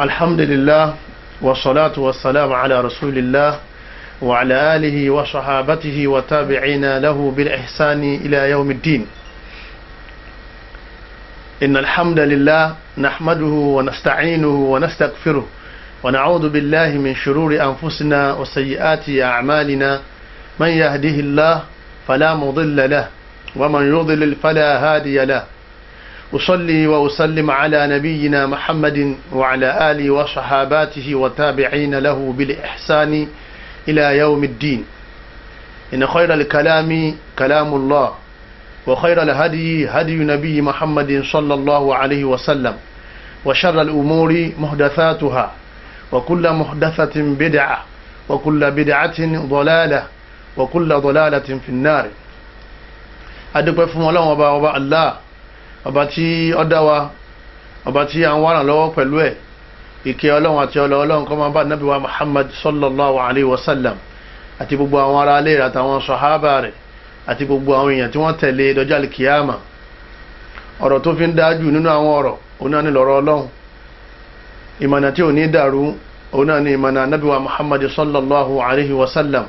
الحمد لله والصلاة والسلام على رسول الله وعلى آله وصحابته وتابعين له بالإحسان إلى يوم الدين إن الحمد لله نحمده ونستعينه ونستغفره ونعوذ بالله من شرور أنفسنا وسيئات أعمالنا من يهده الله فلا مضل له ومن يضلل فلا هادي له أصلي وأسلم على نبينا محمد وعلى آله وصحاباته وتابعين له بالإحسان إلى يوم الدين إن خير الكلام كلام الله وخير الهدي هدي نبي محمد صلى الله عليه وسلم وشر الأمور مهدثاتها وكل مهدثة بدعة وكل بدعة ضلالة وكل ضلالة في النار أدب فمولانا وبا الله ọba tí ó dá wa ọba tí à ń wá lọ́wọ́ pẹ̀lú ẹ̀ ìkẹ́ ọlọ́run àti ọlọ́ ọlọ́run kó máa bá nàbí wa muhammad sallallahu alayhi wa sallam àti gbogbo àwọn ará ilé rẹ̀ àtàwọn sọ̀hábà rẹ̀ àti gbogbo àwọn èèyàn tí wọ́n tẹ̀lé e dọjọ́ alikiyama ọ̀rọ̀ tó fi ń dájú nínú àwọn ọ̀rọ̀ òun náà ọlọ́run ìmọ̀nà tí ò ní dàrú òun ìmọ̀nà nàbí wa muhammad sallallahu alayhi wa sallam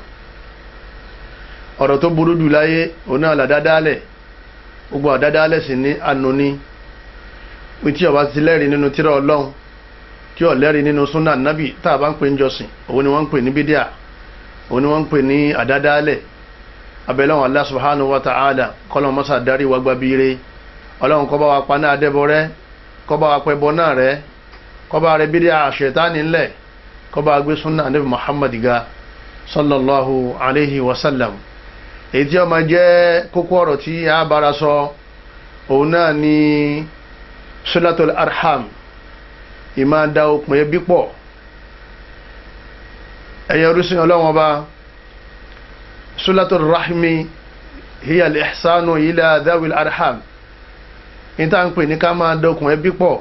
ọ̀rọ̀ tó burú jù láyé òun náà làdádálẹ̀ gbogbo àdáda lẹ́sìn ní anoni pé tí ọba ti lẹ́rìí nínú tírà ọlọ́run tí ó lẹ́rìí nínú súnà nábì tá a bá ń pè ń jọsìn òun ni wọ́n ń pè ní bídíà ni wọ́n ń pè ní àdáda lẹ̀ abẹ́lẹ́wọ̀n Allah subhanahu wa kọ́lọ́n mọ́sá darí wa gba biire ọlọ́run kọ́ bá wa pa náà dẹ́bọ rẹ́ kọ́ bá wa pẹ́ bọ́ náà kọ́ bá rẹ Muhammad ga sallallahu alayhi wa èyí tí ó jẹ́ kókó ọ̀rọ̀ tí a bára sọ òun náà ni sulatul arham ìmá da okùn ẹbí pọ̀ ẹ̀yẹ orísun ọlọ́wọ́n bá sulatul rahmi hiya al-ihsanu ila dhawil arham níta ń pè ní ká máa da okùn ẹbí pọ̀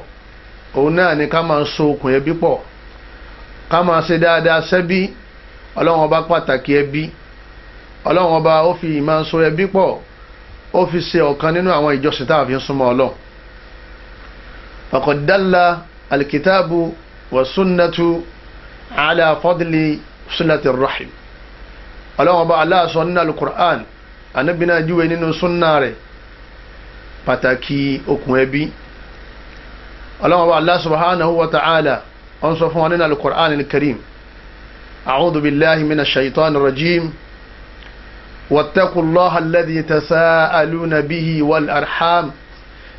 òun náà ni ká máa so okùn ẹbí pọ̀ ká máa ṣe dáadáa sẹ́bí ọlọ́wọ́n bá pàtàkì ẹbí. ọlọ́run ọba ó fi ìmọ̀ so ẹbí pọ̀ ó fi ṣe ọ̀kan nínú àwọn ìjọsìn tá a fi ń súnmọ́ ọlọ́run. faqad dalla alikitaabu wa sunnatu ala fadli sunnati rahim ọlọ́run ọba aláàsọ nínú alukur'an anabina júwe nínú sunna rẹ̀ pàtàkì okùn ẹbí ọlọ́run ọba Allah subhanahu wa ta'ala ọ̀n sọ fún wa nínú alukur'an karim a'udhu billahi minash shaitanir rajim. واتقوا الله الذي تساءلون به والأرحام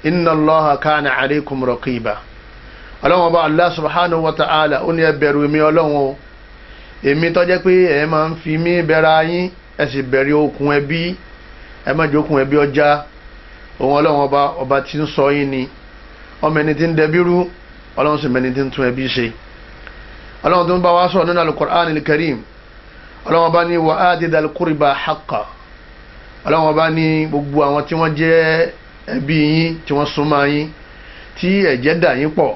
إن الله كان عليكم رقيبا ọlọ́run ọba allah subhanahu wa ta'ala ó ní ẹ bẹ̀rù ọlọ́run o èmi tó pé ẹ máa ń fi mí bẹ̀rẹ̀ yín ẹ sì bẹ̀rẹ̀ okùn ẹbí ẹ má jẹ́ okùn ẹbí ọjà òun ọlọ́run ọba ọba tí ń ṣọ́ yín ni ọmọ ẹni tí ń dẹbí ọlọ́run sì mẹni tí ń tún ẹbí ṣe ọlọ́run tó ń bá wa sọ̀rọ̀ nínú alukur'an karim ọlọ́wọ́n bá ní wà á dé dal kúrìbà haqqa ọlọ́wọ́n bá ní gbogbo àwọn tí wọ́n jẹ́ ẹbí yín tí wọ́n súnmọ́ yín tí ẹ̀jẹ̀ dà yín pọ̀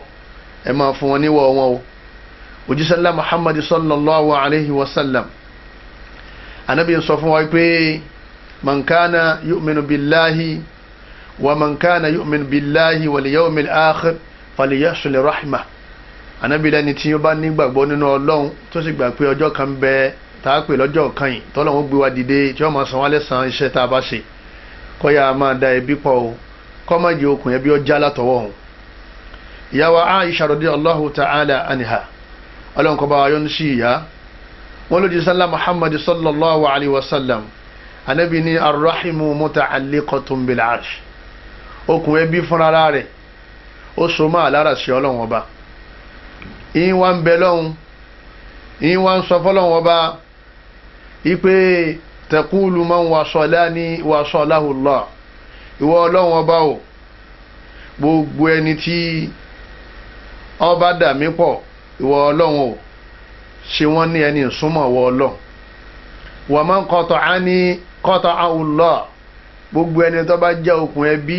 ẹ máa fún wọn níwọ̀ wọn o òjíṣẹ́ ńlá Muhammad sallallahu alayhi wa sallam anabi sọ fún wa pé mankana yu'minu billahi wa mankana yu'minu billahi wal yawmil akhir faliyasuli rahma anabi lẹni tí ó bá nígbàgbọ́ nínú ọlọ́run tó sì gbà pé ọjọ́ kan bẹ́ẹ̀ tá a pè lọ́jọ́ kan yìí tọ́lọ́wọ́n gbé wa dìde tí wọ́n máa san wá lẹ́sàn-án iṣẹ́ tá a bá ṣe kọ́yà máa da ẹbí pọ̀ o kọ́ má jẹ́ okùn ẹbí ọjà látọwọ́ òun. ìyá wa Aisha radiyallahu ta'ala anha ọlọ́run kọ́ bá wa yọ́nú sí ìyá wọn ló di sálá Muhammad sallallahu alayhi wa sallam anabi ni arrahimu muta'alliqatun bil arsh okùn ẹbí fúnra rẹ̀ ó so máa lára sí ọlọ́run ọba ìyín wa ń bẹ lọ́hùn ìyín wa ń sọ fọlọ́run ọba ipe taqulu man wasalani wasalahu Allah ìwọ ọlọ́run ọba o gbogbo ẹni tí ọba dà mí pọ̀ ìwọ ọlọ́run o ṣe wọ́n ní ẹni ìsúnmọ́ ìwọ ọlọ́run wa man qata'ani qata'ahu Allah gbogbo ẹni tó bá já okùn ẹbí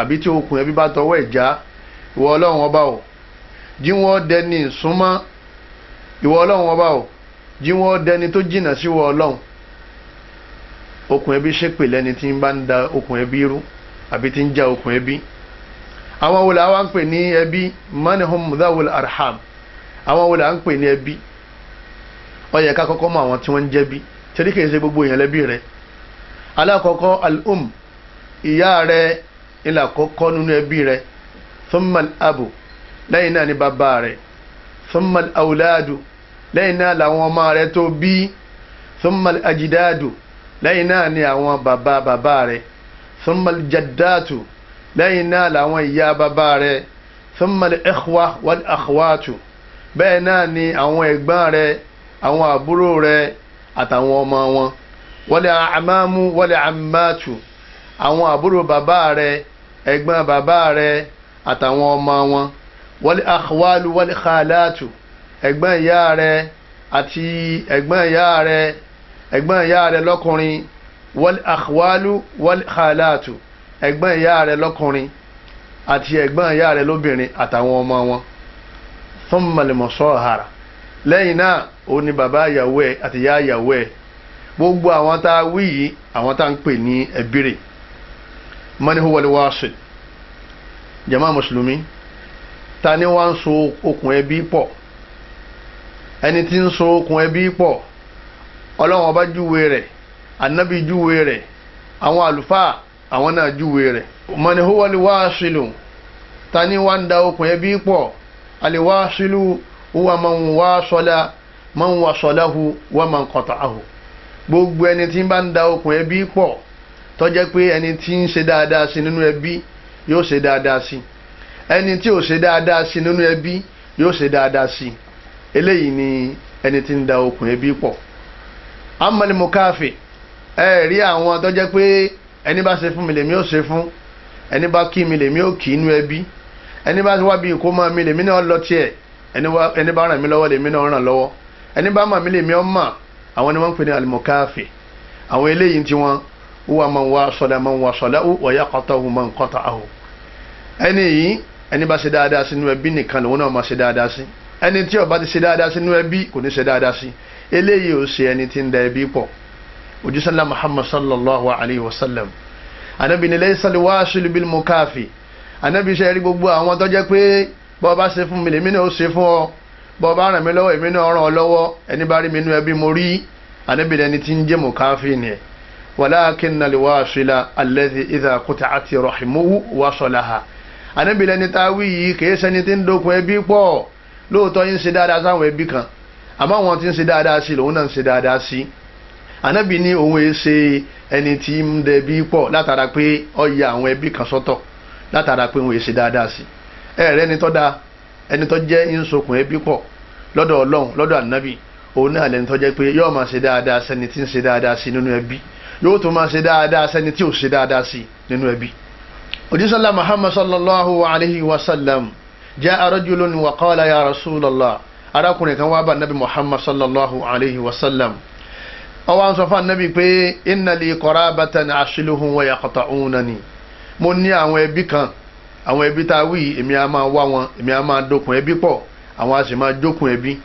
àbí tí okùn ẹbí bá tọwọ́ ẹ̀ já ìwọ ọba o jí wọ́n dẹni ìsúnmọ́ ìwọ ọlọ́run ọba o jí wọ́n dẹni tó jìnnà sí wọ ọlọ́run okùn ẹbí ṣépè lẹ́ni tí ń bá ń da okùn ẹbí rú àbí tí ń já okùn ẹbí àwọn wòlà wa ń pè ní ẹbí manihum dhawul arham àwọn wòlà ń ní ẹbí ó ká kọ́kọ́ mọ àwọn tí wọ́n ń jẹ́bí torí kìí ṣe gbogbo èèyàn lẹ́bí rẹ̀ alákọ̀ọ́kọ́ al ìyá rẹ̀ ilà kọ́kọ́ nínú ẹbí rẹ̀ thumma abu lẹ́yìn náà ni bàbá rẹ̀ thumma al lẹ́yìn náà làwọn ọmọ rẹ tó bí thumma al-ajdadu lẹ́yìn náà ni àwọn bàbá bàbá rẹ thumma al-jaddatu lẹ́yìn náà làwọn ìyá bàbá rẹ thumma al-ikhwa wal-akhwatu bẹ́ẹ̀ náà ni àwọn ẹ̀gbọ́n rẹ àwọn àbúrò rẹ àtàwọn ọmọ wọn wọlé àmàmú wọlé àmàtù àwọn àbúrò bàbá rẹ ẹ̀gbọ́n bàbá rẹ àtàwọn ọmọ wọn wọlé àkọwálù wọlé kàlátù ẹ̀gbọ́n ìyá rẹ àti ẹ̀gbọ́n ìyá rẹ ẹ̀gbọ́n ìyá rẹ lọ́kùnrin wal akhwalu wal khalatu ẹ̀gbọ́n ìyá rẹ lọ́kùnrin àti ẹ̀gbọ́n ìyá rẹ lóbìnrin àtàwọn ọmọ wọn thumma al-musahara lẹ́yìn náà ó ní bàbá ìyàwó ẹ̀ àti ìyá ìyàwó ẹ̀ gbogbo àwọn tá a wí yìí àwọn tá a ń pè ní ẹbí rẹ̀ mani huwa al-wasil jama mùsùlùmí ta ni wọ́n ń so okùn ẹbí pọ̀ ẹni tí ń so okùn ẹbí pọ̀ ọlọ́run ọba júwe rẹ̀ anabi júwe rẹ̀ àwọn àlùfáà àwọn náà júwe rẹ̀ mọ̀nì huwali wáṣílù tani wá ń da okùn ẹbí pọ̀ aliwáṣílù huwa man sọla man wáṣọláhu wa man qata'ahu gbogbo ẹni tí ń bá ń da okùn ẹbí pọ̀ tó jẹ́ pé ẹni tí ń ṣe dáadáa sí nínú ẹbí yóò ṣe dáadáa sí ẹni tí ò ṣe dáadáa sí nínú ẹbí yóò ṣe dáadáa sí i. eléyìí ni ẹni tí ń da okùn ẹbí pọ̀ amọ̀lẹ́ mo káfí ẹ rí àwọn tó jẹ́ pé ẹni bá ṣe fún mi lèmi ó ṣe fún ẹni bá kí mi lèmi ó kì í nu ẹbí ẹni bá wá bí ìkómọ mi lèmi náà lọ tiẹ̀ ẹni bá ràn mí lọ́wọ́ lèmi náà ràn lọ́wọ́ ẹni bá mà mí lèmi ọ́ mà àwọn ni wọ́n ń pè ní alimokafe àwọn eléyìí tí wọ́n wà máa ń wá sọ́dá máa ń wá sọ́dá ó wọ̀nyá kọ́tà ó máa ń kọ́tà áhù ẹni yìí ẹni bá ṣe dáadáa sí nu ẹbí nìkan lòun náà máa ṣe dáadáa sí ẹni tí ó bá ti ṣe dáadáa sí inú ẹbí kò ní ṣe dáadáa sí eléyìí ò ṣe ẹni tí ń da ẹbí pọ̀ ojúsànlá muhammad sallallahu alayhi wa sallam anabi ni laysal wasil bil mukafi anabi ṣe rí gbogbo àwọn tó jẹ́ pé bó bá ṣe fún mi lèmi náà ó ṣe fún ọ bó bá ràn mí lọ́wọ́ èmi náà ràn ọ lọ́wọ́ ẹni bá rí mi inú ẹbí mo rí anabi lẹni tí ń jẹ́ mukafi ni walakin al wasila alladhi idha qut'ati rahimuhu wasalaha anabi lẹni táwí yìí kì ṣẹni tí ń dokun ẹbí pọ̀ lóòótọ́ yín ṣe dáadáa sáwọn ẹbí kan àmọ́ àwọn tí ń ṣe dáadáa sí lòun náà ń ṣe dáadáa sí ànábì ní òun èé ṣe ẹni tí ń dẹbi pọ̀ látara pé ó ya àwọn ẹbí kan sọ́tọ̀ látara pé òun èé ṣe dáadáa sí ẹ̀rẹ́ ẹni tó dáa ẹni tó jẹ́ ìṣokùn ẹbí pọ̀ lọ́dọ̀ ọlọ́run lọ́dọ̀ ànábì òun náà lẹni tó jẹ́ pé yóò máa ṣe dáadáa sẹ́ni tí ń ṣe dáadáa sí nínú ẹbí yóò tún máa ṣe dáadáa sẹ́ni tí ò ṣe dáadáa sí nínú ẹbí òjísọ́lá muhammad sallallahu alayhi wa sallam jaa rajulun wa qala ya rasulallah arákùnrin kan wá bá nabi muhammad sallallahu alayhi wa sallam ó wá ń sọ fún anabi pé inna li qarabatan asiluhun wa yaqta'unani mo ní àwọn ẹbí kan àwọn ẹbí tá a wí èmi a máa wá wọn èmi a máa dokùn ẹbí pọ̀ àwọn a sì máa jókun ẹbí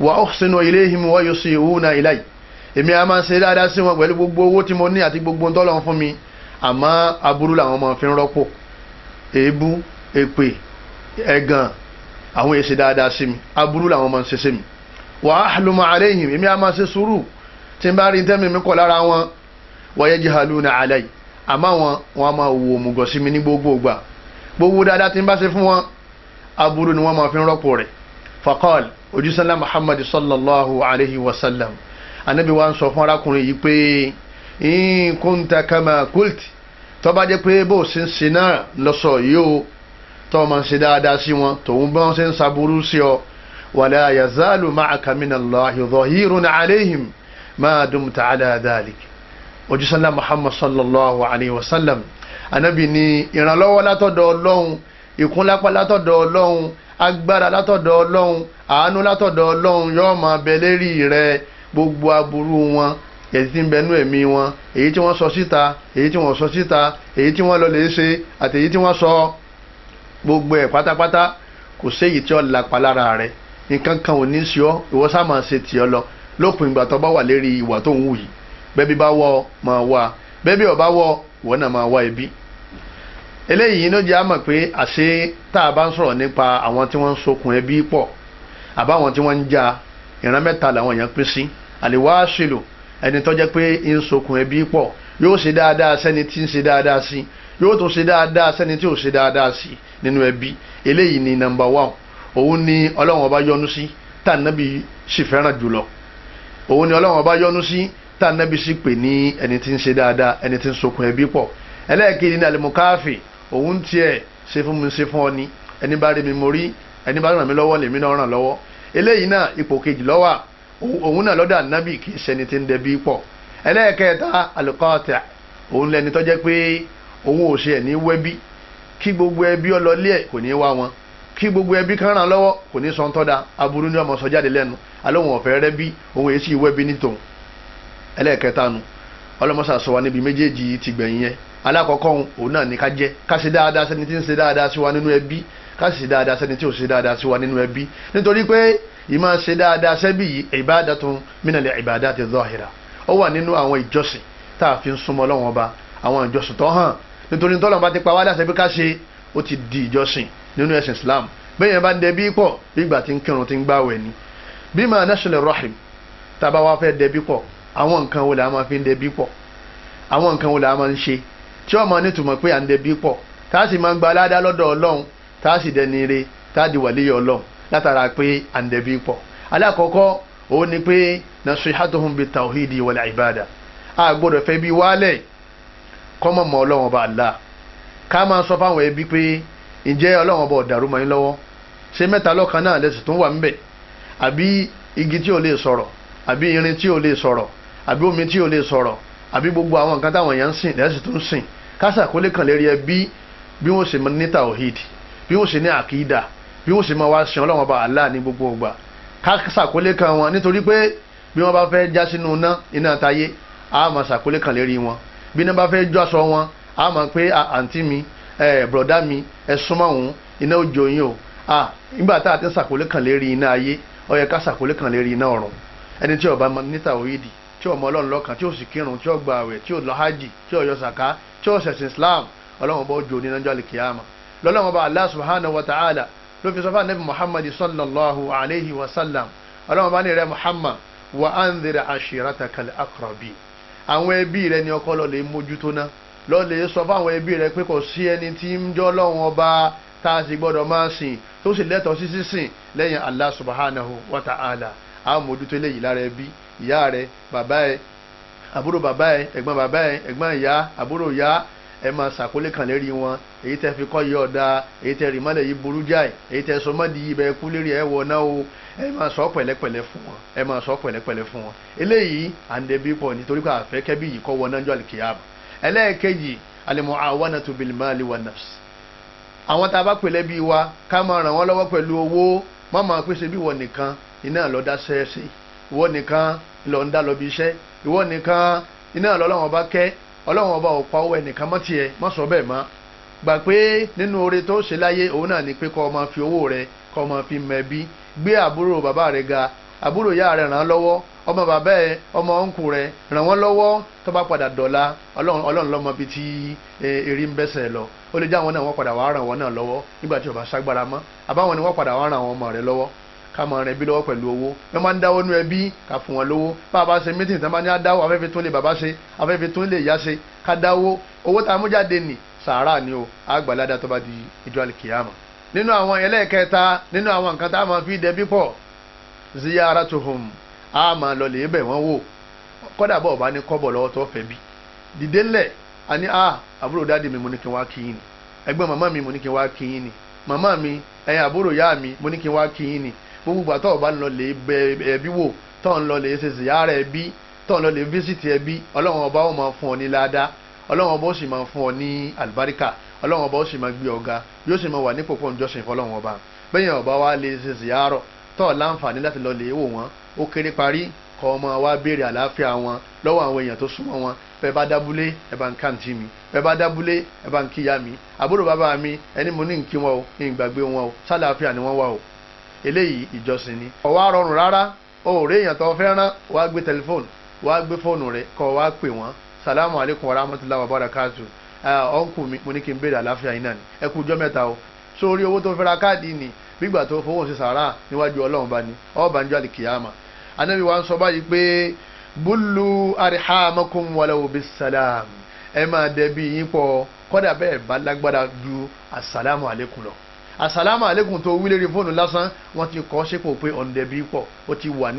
wa uhsinu ilayhim wa yusi'una ilay èmi a máa ṣe dáadáa sí wọn pẹ̀lú gbogbo owó tí mo ní àti gbogbo ntọ́lọ́ fún mi àmọ́ aburú làwọn máa fi ń rọ́pò èébú èpè ẹ̀gàn àwọn èsì dáadáa sí mi aburú làwọn máa ń ṣe sí mi wà á halùmọ̀ àlẹ́yìn èmi á máa ṣe sùúrù tí n bá rí tẹ́mi mi kọ̀ lára wọn wọ́yẹ́ jí halùmọ̀ àlẹ́yìn àmọ́ wọn wọn máa wo òmùgọ̀ sí mi ní gbogbo ìgbà gbogbo dáadáa tí n bá ṣe fún wọn aburú ni wọ́n máa fi rọ́pò rẹ̀ fakọ́l ojúsánlá muhammad sallallahu alayhi wa sallam anabi wa ń sọ fún arákùnrin yìí pé in kunta kama kulti tó pé bó o ṣe ń ṣe náà lọ́sọ̀ yìí o tó máa ń ṣe dáadáa sí wọn tòun bá wọn ṣe ń ṣàbúrú sí ọ wala yazalu ma'aka minallahi dhahirun alayhim ma dumta ala dhalik ojúsánlá muhammad sallallahu alayhi wa sallam anabi ní ìrànlọ́wọ́ látọ̀dọ̀ ọlọ́run ìkúnlápá látọ̀dọ̀ ọlọ́run agbára látọ̀dọ̀ ọlọ́run àánú látọ̀dọ̀ ọlọ́run yóò máa bẹ lérí rẹ gbogbo aburú wọn èyí tí ń bẹnú ẹ̀mí wọn èyí tí wọ́n sọ síta èyí tí wọ́n sọ síta èyí tí wọ́n lọ lè ṣe àti tí wọ́n sọ gbogbo ẹ̀ pátápátá kò séyìí tí ó lapa lára rẹ̀ nǹkan kan ò ní sí ọ ìwọ sá máa ṣe tì ọ lọ lópin ìgbà tó bá wà lérí ìwà tó ń wù yìí bẹ́ẹ̀ bí bá wọ máa wà bẹ́ẹ̀ bí ò bá wọ ìwọ náà máa wá ẹbí. eléyìí ló jẹ́ àmọ̀ pé àṣé tá a bá ń sọ̀rọ̀ nípa àwọn tí wọ́n ń sokùn ẹbí pọ̀ àbáwọn tí wọ́n ń ja ìran mẹ́ta làwọn èèyàn pín sí àlèwáṣìlò ẹni tó jẹ́ pé ń sokùn ẹbí pọ̀ yóò ṣe dáadáa sẹ́ni tí ń ṣe dáadáa sí yóò tún ṣe dáadáa sẹ́ni tí ò ṣe dáadáa sí nínú ẹbí eléyìí ni nọ́mbà wán òun ni ọlọ́run ọba yọ́nú sí tá ànábì sì fẹ́ràn jùlọ òun ni ọlọ́run ọba yọ́nú sí tá ànábì sì pè ní ẹni tí ń ṣe dáadáa ẹni tí ń sokùn ẹbí pọ̀ ẹlẹ́ẹ̀kejì ní alimukáfì òun tiẹ̀ ṣe fún mi ṣe fún ọ ni ẹni bá rí mi mo rí ẹni bá ràn mí lọ́wọ́ lèmi náà ràn lọ́wọ́ eléyìí náà ipò kejì lọ́wà òun náà lọ́dọ̀ ànábì kì í ṣẹni tí ń dẹbí pọ̀ ẹlẹ́ẹ̀kẹta alukọ́tà òun lẹni tó pé òun ò ṣe ẹ̀ ní wẹ́bí kí gbogbo ẹbí ọlọ́lé ẹ̀ kò ní wá wọn kí gbogbo ẹbí kan ràn lọ́wọ́ kò ní sọ́n tọ́da aburú ni ọmọ sọ jáde lẹ́nu alóhùn ọ̀fẹ́ rẹ bí òun wẹ́bí nítòun ẹlẹ́ẹ̀kẹta nu ọlọ́mọṣà sọ wa níbi méjèèjì ti gbẹ̀yìn yẹn alákọ̀ọ́kọ́ òun náà ní ká jẹ́ ká ṣe dáadáa sẹ́ni tí ń ṣe dáadáa sí wa nínú ẹbí ká sì ṣe dáadáa sẹ́ni tí ò ṣe dáadáa sí wa nínú ẹbí nítorí pé ìmọ̀ ṣe dáadáa sẹ́bí yìí ó wà nínú àwọn ìjọsìn tá a fi ń súnmọ́ Ọlọ́hun nítorí tọ́lọ̀ bá ti pa wá láṣẹ bí ká ṣe ó ti di ìjọsìn nínú ẹ̀sìn Islam bẹ́ẹ̀ yẹn bá ń dẹbí pọ̀ ìgbà tí ń kírun ti ń gbàwẹ̀ ni bí máa national rahim tábà wá fẹ́ dẹbí pọ̀ àwọn nǹkan wo la máa fi ń dẹbí pọ̀ àwọn nǹkan wo la máa ń ṣe tí wọ́n máa nítumọ̀ pé à ń dẹbí pọ̀ tá a sì máa ń gba aládá lọ́dọ̀ Ọlọ́run tá a sì dẹni ire tá a di wàlíyà Ọlọ́run látara pé à ń dẹbí pọ̀ alákọ̀ọ́kọ́ òun ni pé nasihatuhum bitawhidi wal ibada a gbọ́dọ̀ fẹ́ bí wálẹ̀ kọ́mọ̀ mọ́ ọlọ́wọ́n bá Allah ká máa sọ fáwọn ẹbí pé ǹjẹ́ ọlọ́wọ́n bá ọ̀dàrú mọ́ yín lọ́wọ́ ṣé mẹ́ta lọ́kan náà lẹ́sìn tó wà ńbẹ̀ àbí igi tí ò lè sọ̀rọ̀ àbí irin tí ò lè sọ̀rọ̀ àbí omi tí ò lè sọ̀rọ̀ àbí gbogbo àwọn nǹkan táwọn èèyàn ń sìn lẹ́sìn tó ń sìn kásà kó lè kàn lérí ẹbí bí wọ́n ṣe ní tawhid bí wọ́n ṣe ní àkídà bí wọ́n ṣe máa wá sin ọlọ́wọ́n bá Allah ní gbogbo ọgbà kásàkólé kan wọn nítorí pé bí wọ́n bá fẹ́ já sínú iná iná tayé a máa ṣàkólé kan lérí wọn bí iná bá fẹ́ jó aṣọ wọn a mọ̀ pé àǹtí mi bùrọ̀dá mi ẹ súnmọ́ òun iná ó jó yín o nígbà tá a ti ń sàkólé kan lérí iná ayé ó yẹ ká sàkólé kan lérí iná ọ̀run ẹni tí ó bá níta òyìdì tí ó mọ ọlọ́run lọ́kàn tí ó sì kírun tí ó gba àwẹ̀ tí ó lọ hajj tí ó yọ sàká tí ó ṣẹ̀sìn Islam ọlọ́run bá ó jó ní nájọ́ àlìkìyàmà lọ́lọ́run bá Allah subhanahu wa ta'ala ló fi sọ fún anabi Muhammad sallallahu alayhi wa sallam ọlọ́run bá ní rẹ Muhammad wa anzir ashirataka al-aqrabin àwọn ẹbí rẹ ni ọkọ lọ́lẹ̀ mójútó ná lọ́lẹ̀ sọ fáwọn ẹbí rẹ pé kò sí ẹni tí ń jọ́ lọ́wọ́n ọba tá a sì gbọ́dọ̀ máa sìn tó sì lẹ́tọ̀ọ́ sí sísìn lẹ́yìn Allah subhanahu wa ta'ala a mójútó eléyìí lára ẹbí ìyá rẹ bàbá ẹ àbúrò bàbá ẹ ẹ̀gbọ́n bàbá ẹ ẹ̀gbọ́n ìyá àbúrò ìyá ẹ máa ṣàkólé kan lérí wọn èyí tẹ fi kọ́ yìí ọ̀dà èyí tẹ rìmọ́lẹ̀ yìí burú jáì èyí tẹ sọmọ́dì yìí bẹ́ẹ̀ kú lérí ẹ̀ wọ̀ náà o ẹ máa sọ pẹ̀lẹ́pẹ̀lẹ́ fún wọn ẹ máa sọ pẹ̀lẹ́pẹ̀lẹ́ fún wọn eléyìí àǹdẹ̀bí pọ̀ nítorí pé àfẹ́ kẹ́bí yìí kọ́ wọn náà jọ àlìkìyàmù ẹlẹ́ẹ̀kejì al-mu'awanatu bil mali wan nafs àwọn tá a bá pèlẹ́ bíi wa ká máa ràn wọ́n lọ́wọ́ pẹ̀lú owó má máa pèsè bí ìwọ nìkan iná lọ́dá sẹ́ẹ̀sì ìwọ nìkan lọ́ ń dá lọ bí iṣẹ́ ìwọ nìkan iná lọ́lọ́wọ́n bá kẹ́ ọlọ́wọ́n bá òpa owó ẹnìkan mọ́ tiẹ̀ má sọ bẹ́ẹ̀ má gbà pé nínú oore tó ṣe láyé òun náà ni pé kọ́ ọ máa fi owó rẹ kọ́ ọ máa fi mẹ́bí gbé àbúrò bàbá rẹ̀ ga àbúrò ìyá re ràn án lọ́wọ́ ọmọ bàbá ẹ ọmọ ọ̀nkù rẹ̀ ràn wọ́n lọ́wọ́ tó bá padà dọ̀la ọlọ́run lọ́mọ bíi ti e, eré ń bẹ́sẹ̀ lọ ó lè jẹ́ àwọn náà wọ́n padà wàá ràn wọ́n náà lọ́wọ́ nígbà tí ṣágbára mọ́ àbáwọn ni wọ́n padà wàá ràn àwọn ọmọ rẹ̀ lọ́wọ́ ká lọ́wọ́ pẹ̀lú owó wọ́n máa ń dáwọ́ nú ẹbí ká fún wọn ní afẹ́fẹ́ bàbá ṣe afẹ́fẹ́ yá ṣe ká dáwọ́ owó tá a mú nínú àwọn ẹlẹ́ẹ̀kẹta nínú àwọn nǹkan tá a máa fi dẹbí pọ̀ ziyaratuhum a máa lọ lè bẹ̀ wọ́n wò kọ́dà bọ̀ bá ní kọ́bọ̀ lọ́wọ́ tó fẹ́ bí dìde a ní a ah, àbúrò dáàdi mi mo ní kí n wá kí yín ni ẹgbẹ́ mi mo ní kí n ni màmá mi ẹ̀yin àbúrò yá mi mo ní ni gbogbo ìgbà tó o bá lọ lè bẹ ẹbí wò tó ń lọ lè ṣe ziyara ẹbí tó ń lọ lè ọ ní ládàá ọlọ́run ọba ọ ní ọlọ́run ọba ó sì máa gbé ọ̀gá yóò sì máa wà nípò pọ̀ níjọ́sìn fọlọ́run ọba bẹ́yìn ọba wa lè ṣe ziyarọ̀ tọ́ láǹfààní láti lọ lè wò wọ́n ó kéré parí kọ́ ọmọ wa béèrè àlàáfíà wọn lọ́wọ́ àwọn èèyàn tó súnmọ́ wọn bẹ́ẹ̀ bá dábúlé ẹ̀ bá ń kàǹtì mi bẹ́ẹ̀ bá dábúlé ẹ̀ bá ń kíyà mi àbúrò bàbá mi ẹni mo ní nkí wọn o ní ìgbàgbé wọn o sálàáfíà ni wọ́n wà o eléyìí ìjọsìn ni. ó wá rọrùn rárá o ò rí èèyàn tó fẹ́ràn wàá gbé tẹlifóònù wàá gbé fóònù rẹ kọ́ wàá pè wọ́n salamu alaykum wa rahmatulahi wa barakatuh ọ̀nkù ah, mi mo ní kí n béèrè àlàáfíà yín náà ni ẹ kú ọjọ́ mẹ́ta o sórí owó tó fẹ́ra káàdì ni gbígbà tó fowó ṣe sàárà níwájú ọlọ́run bá ní ọba ń jọ àlìkìyàmà anábì wa ń sọ báyìí pé búlù ẹ máa dẹbi yín pọ̀ kọ́dà bẹ́ẹ̀ bá lágbára ju àlékún lọ àlékún tó fóònù lásán wọ́n ti kọ́ pé pọ̀ ó ti wà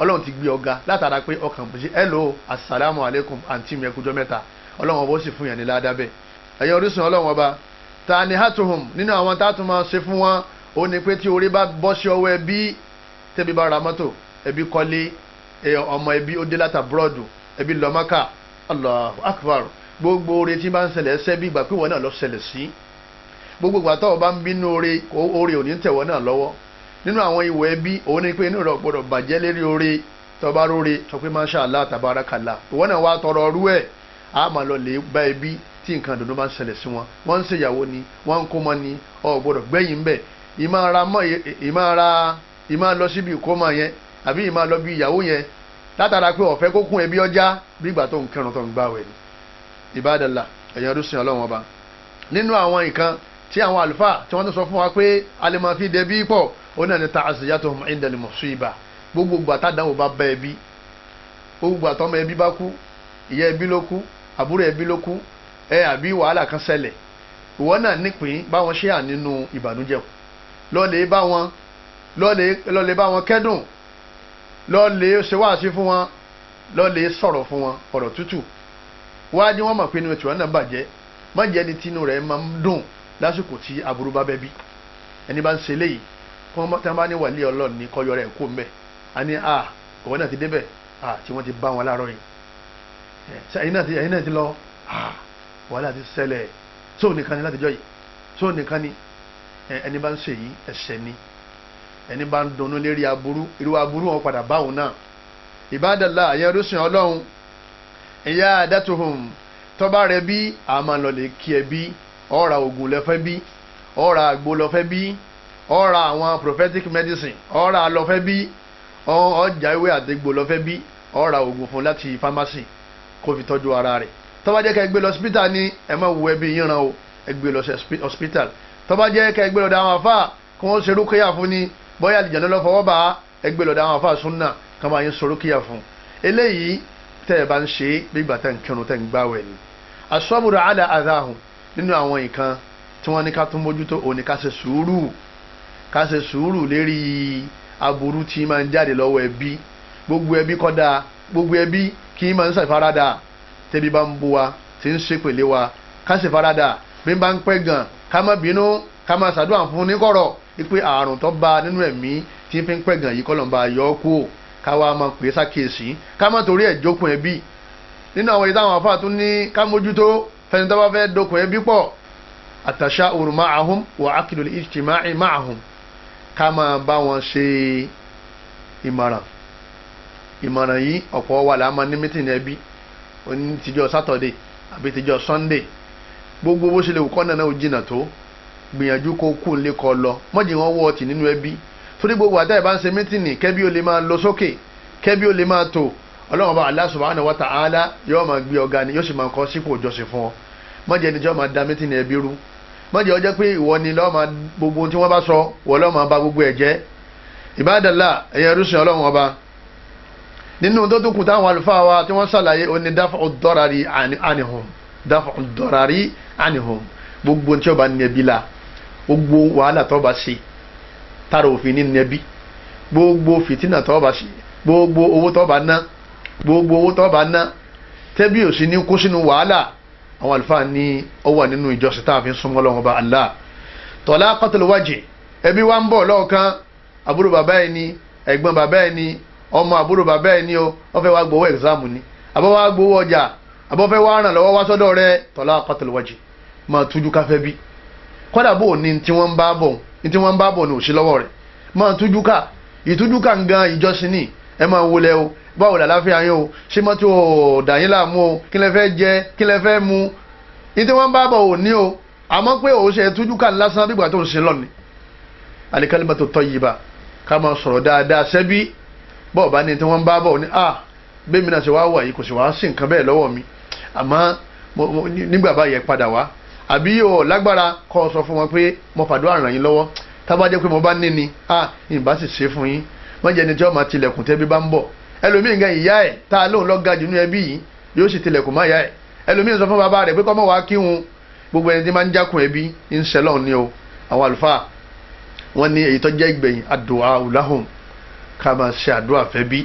ọlọ́run ti gbé ọ̀gá látara pé ọkàn bùjẹ́ hello assalamu alaikum àǹtí mi ẹkùjọ́ mẹ́ta ọlọ́run ọba ó sì fún yẹn ní ládàbẹ̀ ẹ̀yẹ orísun ọlọ́run ọba ta ni hatuhum nínú àwọn tá a tún máa ṣe fún wọn ó ní pé tí orí bá bọ́ sí ọwọ́ ẹbí tẹ́bi bá ra mọ́tò ẹbí kọ́lé ọmọ ẹbí ó dé láta búrọ́dù ẹbí lọ́mọ́kà allahu akbar gbogbo oore tí bá ń ṣẹlẹ̀ ẹsẹ́ bí nínú àwọn ìwọ̀ ẹbí òun ni pé inú rẹ̀ gbọ́dọ̀ bàjẹ́ lérí oore tọba róore sọ pé masha allah tabarakallah ìwọ náà wá tọrọ ọrú ẹ̀ a máa lọ lè bá ẹbí tí nǹkan dùnú bá ń ṣẹlẹ̀ sí wọn wọ́n ń ṣèyàwó ni wọ́n ń kó mọ́ ni ọ gbọ́dọ̀ gbẹ́yìn bẹ́ẹ̀ ìmọ̀ ara mọ́ ìmọ̀ ara ìmọ̀ lọ síbi ìkómọ yẹn àbí ìmọ̀ lọ bí ìyàwó yẹn látara pé ọ̀fẹ́ kókún ẹbí ọjà bí ìgbà tó ń kẹrun tó ń gbà wẹ̀ ni ìbádàlà ẹ̀yàn rúṣin ọlọ́run ọba nínú àwọn nǹkan tí àwọn àlùfáà tí wọ́n tó sọ fún wa pé a lè máa fi dẹbí pọ̀ Ona náà ní ta'aziyatuhum inda al-musiba gbogbo ìgbà tádàwọ̀ bá bá ẹbí gbogbo ìgbà tọ́mọ ẹbí bá kú ìyá ẹbí ló kú àbúrò ẹbí ló kú ẹ àbí wàhálà kan ṣẹlẹ̀ ìwọ náà nípìn báwọn ṣe à nínú ìbànújẹ́ o lọ́ọ̀lẹ́ bá wọn lọ́ọ̀lẹ́ bá wọn kẹ́dùn lọ́ọ̀lẹ́ ṣe wáàsí fún wọn lọ́ọ̀lẹ́ sọ̀rọ̀ fún wọn ọ̀rọ̀ tútù wájú wọn mọ̀ pé inú tiwọn náà bàjẹ́ má ni tinú rẹ̀ máa ń dùn lásìkò tí aburú bá bẹ́ bí ẹni bá ń ṣe léyìí tí wọ́n bá ní wàlíì ọlọ́run ní kọ́yọ́ rẹ̀ kó mbẹ́ a ní a òun náà ti débẹ̀ a tí wọ́n ti bá wọn láàárọ̀ yìí ẹ̀yin náà ti lọ a wàhálà ti ṣẹlẹ̀ tó nìkan ni láti jọ yìí tó nìkan ni ẹni bá ń ṣe yìí ẹ̀ṣẹ̀ ni ẹni bá ń dunnú lérí aburú irú aburú wọn padà báwọn náà ìbádàlá àyẹ orísun ọlọ́run ìyá àdàtúhùn tọ́ba rẹ bí àmàlọ́lẹ̀ kí ẹ bí ọ̀rà ògùn lọ́fẹ́ bí ọ̀rà àgbo lọ́fẹ́ bí ó ra àwọn prophetic medicine ó ra lọ́fẹ́ bí ọjà ìwé àdégbò lọ́fẹ́ bí ó ra oògùn fún láti pharmacy kó fi tọ́jú ara rẹ̀ tó bá jẹ́ ká gbé lọ hospital ni ẹ má wo ẹbí yín o ẹ gbé lọ hospital tó bá jẹ́ ká gbé lọ dáhùn àfà kí wọ́n ṣerú kéyà fún ni bóyá àlìjàn lọ́ fọwọ́ bá ẹ gbé lọ dáhùn àfà súnà kí wọ́n yín ṣerú kéyà fún eléyìí tẹ́ ẹ bá ń ṣe gbígbà tẹ́ ń kírun tẹ́ ń gbáwẹ̀ ni asọ́bùrù àlà àdáhùn nínú àwọn nǹkan tí wọ́n ní ká tún mójútó òní ká ṣe sùúrù ká ṣe sùúrù lérí aburú tí máa ń jáde lọ́wọ́ ẹbí gbogbo ẹbí kódà gbogbo ẹbí kì máa ń ṣàfaradà tẹ́bí bá ń bu wa tí ń wa bí n bá ń pẹ́ gan ká má bínú ká má ṣàdúrà fún níkọ̀rọ̀ wípé àrùn tó bá nínú ẹ̀mí tí fi ń pẹ́ gan yìí kọ́lọ̀ ń bá yọ ọ́ kú ká wá máa pè é sákèésí ká má torí ẹ̀ jókun ẹbí ká máa bá wọn ṣe ìmọ̀ràn ìmọ̀ràn yìí ọ̀pọ̀ wà láàmú ní mítìnì ẹbí oní tìjọ sátọ̀dé àbí tìjọ sọ́ndé gbogbo bó ṣe lè kọ́ náà náà ó jìnà tó gbìyànjú kó kú ń lé kọ lọ mọ́jì wọn wọ́ ọtí nínú ẹbí torí gbogbo àtàyè bá ń ṣe mítìnì kẹ́bí ó lè máa lọ sókè kẹ́bí ó lè máa tò ọlọ́run bá Allah subhanahu wa ta'ala yóò máa gbé ọ̀gá ni yóò sì máa kọ́ sípò ìjọsìn fún ọ mọ́jì ẹni jọ́ máa da mítìnì ẹbí rú mọ̀jẹ̀ ọjọ́ pé ìwọ ni lọ́ọ́ máa gbogbo tí wọ́n bá sọ wọ́n lọ́ọ́ máa ba gbogbo ẹ̀ jẹ́ ìbádàlá ẹ̀yẹ rúṣin ọlọ́run ọba nínú tó tún kù táwọn àlùfáà wa tí wọ́n ṣàlàyé ó ní dáfọ̀ dọ́rari ànihùn dáfọ̀ dọ́rari ànihùn gbogbo tí ó bá nẹbi la gbogbo wàhálà tó bá ṣe tára òfin ní nẹbi gbogbo fìtínà tó bá ṣe gbogbo owó tó bá ná gbogbo owó tó bá ná tẹ́bí òsì ní kó sínú wàhálà àwọn àlùfáà ní wà nínú ìjọsìn tá a fi ń súnmọ́ lọ́wọ́ bá ẹbí wa ń bọ̀ lọ́ọ̀kan àbúrò bàbá ẹ̀ ni ẹ̀gbọ́n bàbá ẹ̀ ni ọmọ àbúrò bàbá ẹ̀ ni o wọ́n fẹ́ wá gbowó ẹ̀gzámù ni àbọ̀ wá gbowó ọjà àbọ̀ fẹ́ wá ràn lọ́wọ́ wá sọ́dọ̀ rẹ ma wajh máa tújú káfẹ́ bí kọ́dà bò ní tí wọ́n ma báwo làlàáfíà yín o ṣé mọ́tò ò dà o kí lẹ fẹ́ jẹ kí lẹ fẹ́ mu ní tí wọ́n bá bọ̀ ò ní o àmọ́ pé òun ṣe tújú ká lásán bí ìgbà tó ń ṣe lọ́ni al-kalimatu tayyiba ká máa sọ̀rọ̀ dáadáa ṣẹ́bí bọ́ọ̀ bá ní tí wọ́n bá bọ̀ ní à ah, bẹ́ẹ̀ mi náà ṣe wáá wà yìí kò sì wáá sí nǹkan bẹ́ẹ̀ lọ́wọ́ mi àmọ́ nígbà báyẹn padà wá àbí o lágbára kọ́ ọ sọ fún wọn pé mo fàdúrà ràn yín lọ́wọ́ tá pé mo bá ní ni à ah, ìbá sì ṣe fún yín má jẹ́ ẹni tí wọ́n máa tilẹ̀kùn tẹ́bí bá ń bọ̀ ẹlòmíì gan ìyá ẹ̀ tá a lóun lọ ga jù nínú ẹbí yìí yóò sì tilẹ̀kùn má ìyá ẹ̀ ẹlòmíì sọ fún bàbá rẹ̀ pé kọ́mọ wàá kí wọn gbogbo ẹni tí máa ń jákun ẹbí ń ṣẹlọ̀ ni o àwọn àlùfáà wọn ní èyí tó jẹ́ ìgbẹ̀yìn àdùá ọ̀làhùn ká máa ṣe àdúrà fẹ́ bí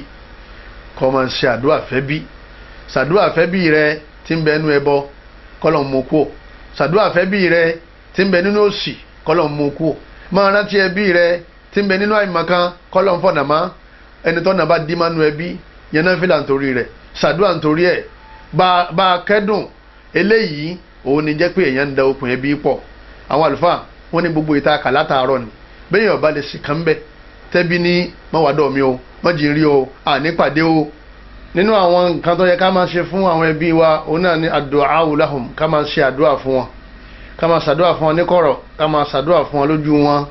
kọ́ máa ṣe àdúrà fẹ́ bí ṣàdúrà fẹ́ bí rẹ ti ń bẹ nínú ẹbọ kọ́lọ̀ mú kú ò ṣàdúrà fẹ́ bí rẹ ti ń bẹ nínú òṣì kọ́lọ̀ mú kú ò máa rántí ẹbí rẹ ti ń bẹ nínú àìmọ̀kan kọ́lọ̀ ń fọ̀nàmọ́ ẹni tọ́nà bá dí mánú ẹbí yẹn náà fìlà nítorí rẹ̀ ṣàdúrà nítorí ẹ̀ bá a kẹ́dùn eléyìí òun ni jẹ́ pé èèyàn ń da okùn ẹbí pọ̀ àwọn àlùfáà wọ́n ní gbogbo ìta kà látàárọ̀ ni bẹ́ẹ̀ ọba lè sì kàn bẹ́ẹ̀ tẹ́bí ní mọ́wádọ́ mi o mọ́jìnrí o ànípàdé o nínú àwọn nǹkan tó yẹ ká máa ṣe fún àwọn ẹbí wa òun náà ní àdúà awùláhùn ká máa ṣe àdúà fún wọn ká máa ṣàdúà fún wọn níkọ̀rọ̀ ká máa ṣàdúà fún wọn lójú wọn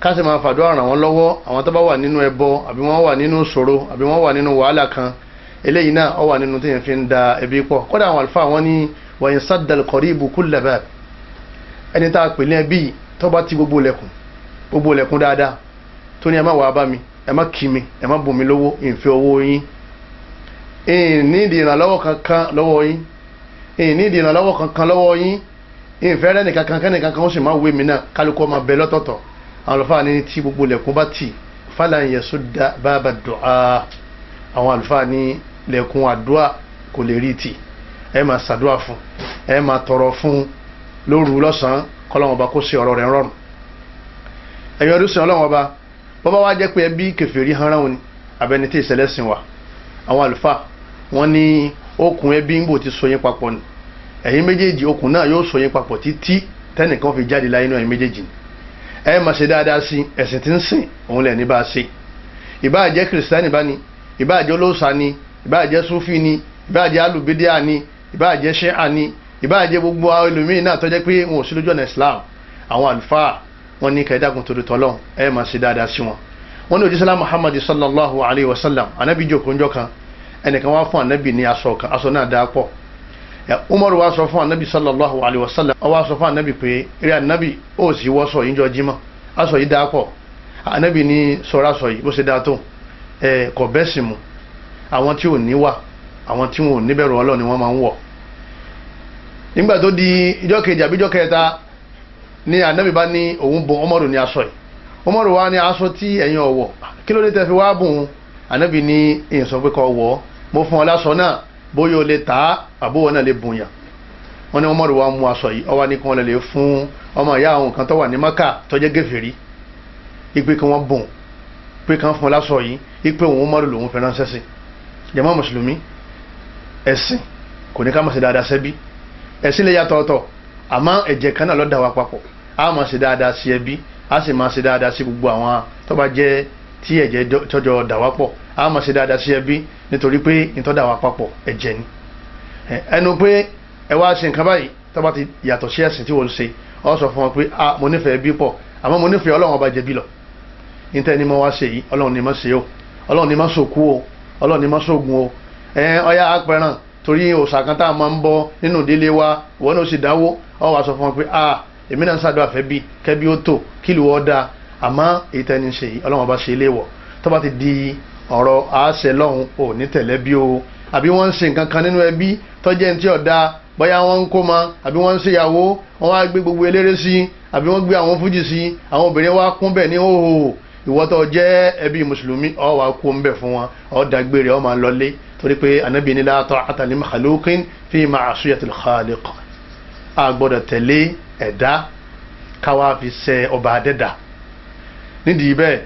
ká sì máa fàdúrà ràn wọ́n lọ́wọ́ àwọn tó bá wà nínú ẹbọ àbí wọ́n wà nínú ṣòro àbí wọ́n wà nínú wàhálà kan eléyìí náà ọ wà nínú tí yẹn fi ń da ẹbí pọ̀ kódà àwọn àlùfáà wọn ní wàyìn sádàl kọ̀ríbù kulla bab ẹni tá a pè ní ẹbí tó bá ti gbogbo lẹ̀kùn gbogbo lẹ̀kùn dáadáa tó ní ẹ má wàá bá mi ẹ má kì mi ẹ má bù mí lówó ìfẹ́ owó yín ìní ìdìrànlọ́wọ́ kankan lọ́wọ́ yín ìní ìdìrànlọ́wọ́ kankan lọ́wọ́ yín ìfẹ́ rẹ́ nìkankan kẹ́nìkankan ó sì má wé mi náà kálukú ọmọ bẹ lọ́tọ̀ọ̀tọ̀ àwọn àlùfáà ní tí gbogbo lẹ̀kùn bá tì falan yasudda baba du'a àwọn àlùfáà ní lẹ̀kùn àdúà kò lè rí tì ẹ máa ṣàdúà fún ẹ máa tọrọ fún lóru lọ́sàn-án kọ́lọ́wọ́n ọba kó ṣe ọ̀rọ̀ rẹ̀ rọrùn ẹ̀yin ọdún sìn ọlọ́wọ́n ọba bọ́bá wa jẹ́ pé ẹbí kẹfìrí hanran òní abẹni tí ìṣẹ̀lẹ̀ sìn wà àwọn àlùfáà wọ́n ní okùn ẹbí ń bò ti so yín papọ̀ ni ẹ̀yin méjèèjì okùn náà yóò so yín papọ̀ títí tẹ́nìkan fi jáde láyé náà ẹ̀yin méjèèjì ni ẹ máa ṣe dáadáa sí ẹ̀sìn tí ń sìn òun lẹ̀ ní bá a ṣe ìbáà jẹ́ kìrìsìtánì bá ni ìbáà jẹ́ olóòṣà ni ìbáà jẹ́ súfì ni ìbáà jẹ́ alùbídíà ni ìbáà jẹ́ ṣẹ́à ni ìbáà jẹ́ gbogbo ẹlòmíín náà tó pé wọn ò sí lójú ọ̀nà Islam àwọn àlùfáà wọn ní kẹdágun torí tọ́lọ́ ẹ máa ṣe dáadáa sí wọn wọn ní òjísàlá Muhammad sallallahu alayhi wa sallam anabi jókòó njọ́ kan ẹnìkan wá fún anabi ní aṣọ náà dáa pọ̀ umar wa sọ fún anabi sallallahu alayhi wa sallam sọ fún anabi pé eré anabi ó sì wọṣọ yìí jọ jimá aṣọ yìí dáa anabi ní sọ yìí bó ṣe dáa tó ẹ bẹ́sì mu àwọn tí ò ní wà àwọn tí wọn ò níbẹ̀rù Ọlọ́run wọ́n máa ń wọ̀ nígbà tó di kejì àbí ní òun umaru ní ní bóyá o lè tà á àbúrò náà lè bùnyàn wọn ni wọn mọ̀rọ̀ wa mú aṣọ yìí ọwọ́ ni kí wọ́n lè fún ọmọ ìyá àwọn kan tó wà ní maka tó jẹ́ gẹ̀fẹ̀rí ipe kí wọ́n bùn pé kí wọ́n fún láṣọ yìí ipe òun mọ̀rọ̀ lòun fẹ́ ránṣẹ́ sí jàmá mùsùlùmí ẹ̀sìn kò ní ká mọ̀ sí dáadáa sẹ́bí ẹ̀sìn lè yàtọ̀ ọ̀tọ̀ àmọ́ ẹ̀jẹ̀ kan náà ló dà papọ̀ a máa ṣe dáadáa sí ẹbí a sì máa ṣe dáadáa sí gbogbo àwọn tó jẹ́ tí ẹ̀jẹ̀ tọ́jọ́ dà wá pọ̀ a máa ṣe dáadáa sí ẹbí nítorí pé ìtọ́dà wa papọ̀ ẹ̀jẹ̀ ni ẹnu pé ẹ wá ṣe nǹkan báyìí tó bá ti yàtọ̀ sí ẹ̀sìn tí wọ́n ṣe ọ sọ fún wọn pé a ah, mo nífẹ̀ẹ́ bí pọ̀ àmọ́ mo nífẹ̀ẹ́ ọlọ́run ọba jẹ̀bi lọ níta ẹni mo wá ṣe yìí ọlọ́run ni mo ṣe o ọlọ́run ni mo ṣòkú o ọlọ́run ni mo ṣògùn o ẹ ọyá apẹran torí òòṣà kan tá a máa ń bọ nínú ìdílé wa ìwọ náà sì dáwó ọ wá sọ fún wọn pé a ah, èmi náà ń ṣàdúrà fẹ́ bí kẹ́bí ó tò kílù ọ́ dáa àmọ́ ìtẹ́ni ṣe yìí ọlọ́run ọba ṣe ilé wọ̀ tó ti di ọ̀rọ̀ àṣẹ lọ́hùn ò ní tẹ̀lẹ́ bí o àbí wọ́n ń ṣe nǹkan kan nínú ẹbí tọ́jẹ́ ní tí ọ̀dà bóyá wọ́n ń kó ma àbí wọ́n ń ṣèyàwó wọ́n á gbé gbogbo eléré sí i àbí wọ́n gbé àwọn fújì sí i àwọn obìnrin wa kún bẹ̀ ní hòhò ìwọ́tọ̀ jẹ́ ẹbí mùsùlùmí ó wá kú ń bẹ̀ fún wọn ó dágbére ó máa lọlé torí pé anabi ní la ta'ata li makhluqin fi ma'asiyatil khaliq a gbọ́dọ̀ tẹ̀lé ẹ̀dá káwá fi ṣe ọba adẹ́dà nídìí bẹ́ẹ̀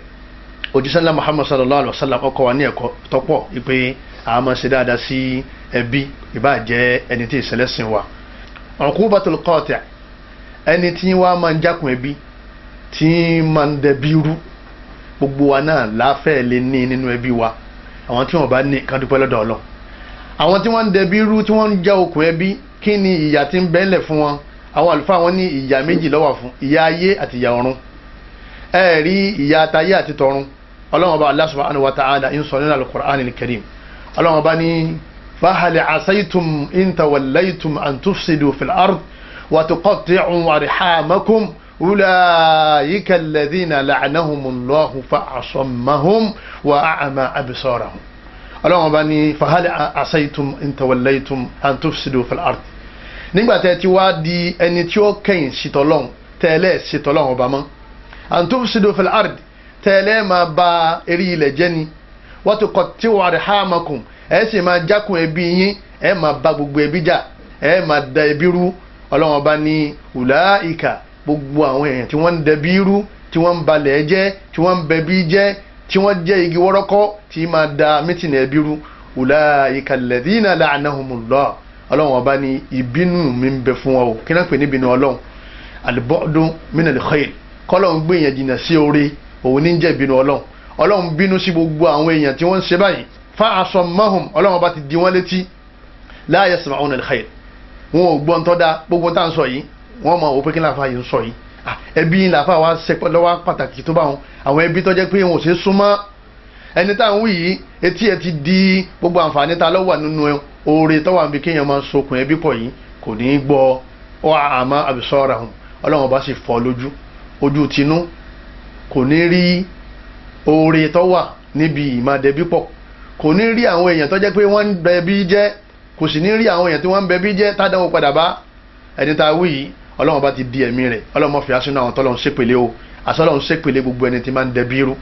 òjísànlá muhammad sallallahu alayhi wa sallam ọkọ wa ní ẹ̀kọ́ tọ́pọ̀ ìpè a máa ṣe dáadáa sí ẹbí ìbáà ẹni tí ìṣẹ̀lẹ̀ sìn wa uqubatul qati' ẹni tí wọ́n máa ń jákun ẹbí tí máa ń dẹbi rú gbogbo wa náà láfẹ́ lè ní nínú ẹbí wa àwọn tí wọ́n bá ní kan dúpẹ́ lọ́dọ̀ ọlọ́ àwọn tí wọ́n ń dẹbi rú tí wọ́n ń já okùn ẹbí kí ni ìyà tí ń bẹ́ẹ̀lẹ̀ fún wọn àwọn àlùfáà wọn ní ìyà méjì ló fún ìyà ayé àti ìyà ọ̀run ẹ̀ẹ́rí ìyà atayé àti tọ̀run ọlọ́wọ́n bá Allah subhanahu wa ta'ala ń sọ nínú al-Qur'an al-Karim ọlọ́wọ́n bá ní fahal asaytum in tawallaytum an tufsidu fil ard wa tuqatti'u arhamakum ulaika alladhina la'anahumullahu fa'asammahum wa a'ama absarahum ọlọ́wọ́n bá ní fahal asaytum in tawallaytum an tufsidu fil ard nígbà tẹ́ ti wá di ẹni tí ó kẹ́yìn sitọ́lọ́hún tẹ́lẹ̀ sitọ́lọ́hún ọba mọ́ an tufsidu fil ard tẹ́lẹ̀ máa ba eré ilẹ̀ jẹ́ ni wọ́n ti kọ́ tí wàá rẹ̀ há makùn ẹ̀ sì máa jákun ẹbí yín ẹ̀ máa ba gbogbo ẹbí jà ẹ̀ máa da ẹbí rú ọlọ́wọ́n bá ní ùlàíkà gbogbo àwọn èèyàn tí wọ́n ń dẹbí rú tí wọ́n ń balẹ̀ jẹ́ tí wọ́n ń bẹbí jẹ́ tí wọ́n jẹ́ igi wọ́rọ́kọ́ tí máa da mítìnì ẹbí rú ùlàíkà lẹ́dínà làánàhùnmùlọ́ ọlọ́wọ́n bá ní ìbínú òun ní jẹ́ ìbínú ọlọ́run ọlọ́run bínú sí gbogbo àwọn èèyàn tí wọ́n ń ṣe báyìí fa asammahum ọlọ́run bá ti di wọ́n létí la yasma'una al-khair wọn ò gbọ́n tọ́ da gbogbo tá à ń sọ yìí wọ́n mọ òpin kí láfa yìí ń sọ yìí ẹbí yìí làfa wa ṣe lọ́wọ́ pàtàkì tó bá wọn àwọn ẹbí tó jẹ́ pé wọn ò ṣe súnmọ́ ẹni tá à ń wí yìí etí ẹ ti di gbogbo àǹfààní ta lọ́wọ́ nínú oore tọ́wọ́ àbí kéèyàn máa sokùn ẹbí pọ̀ yìí kò ní í gbọ́ ọ àmọ́ àbísọ́ra hùn ọlọ́run bá sì fọ́ lójú ojú tinú kò ní rí oore tó wà níbi ìmàdẹ̀bí pọ̀ kò ní rí àwọn èèyàn tó jẹ́ pé wọ́n ń bẹbí jẹ́ kò sì ní rí àwọn èèyàn tí wọ́n ń bẹbí jẹ́ tádánwò padà bá ẹni tá a wí yìí ọlọ́run bá ti di ẹ̀mí rẹ̀ ọlọ́run fi asúnà àwọn tọ́lọ́run ṣépele o àsọlọ́run ṣépele gbogbo ẹni tí máa ń dẹbí rú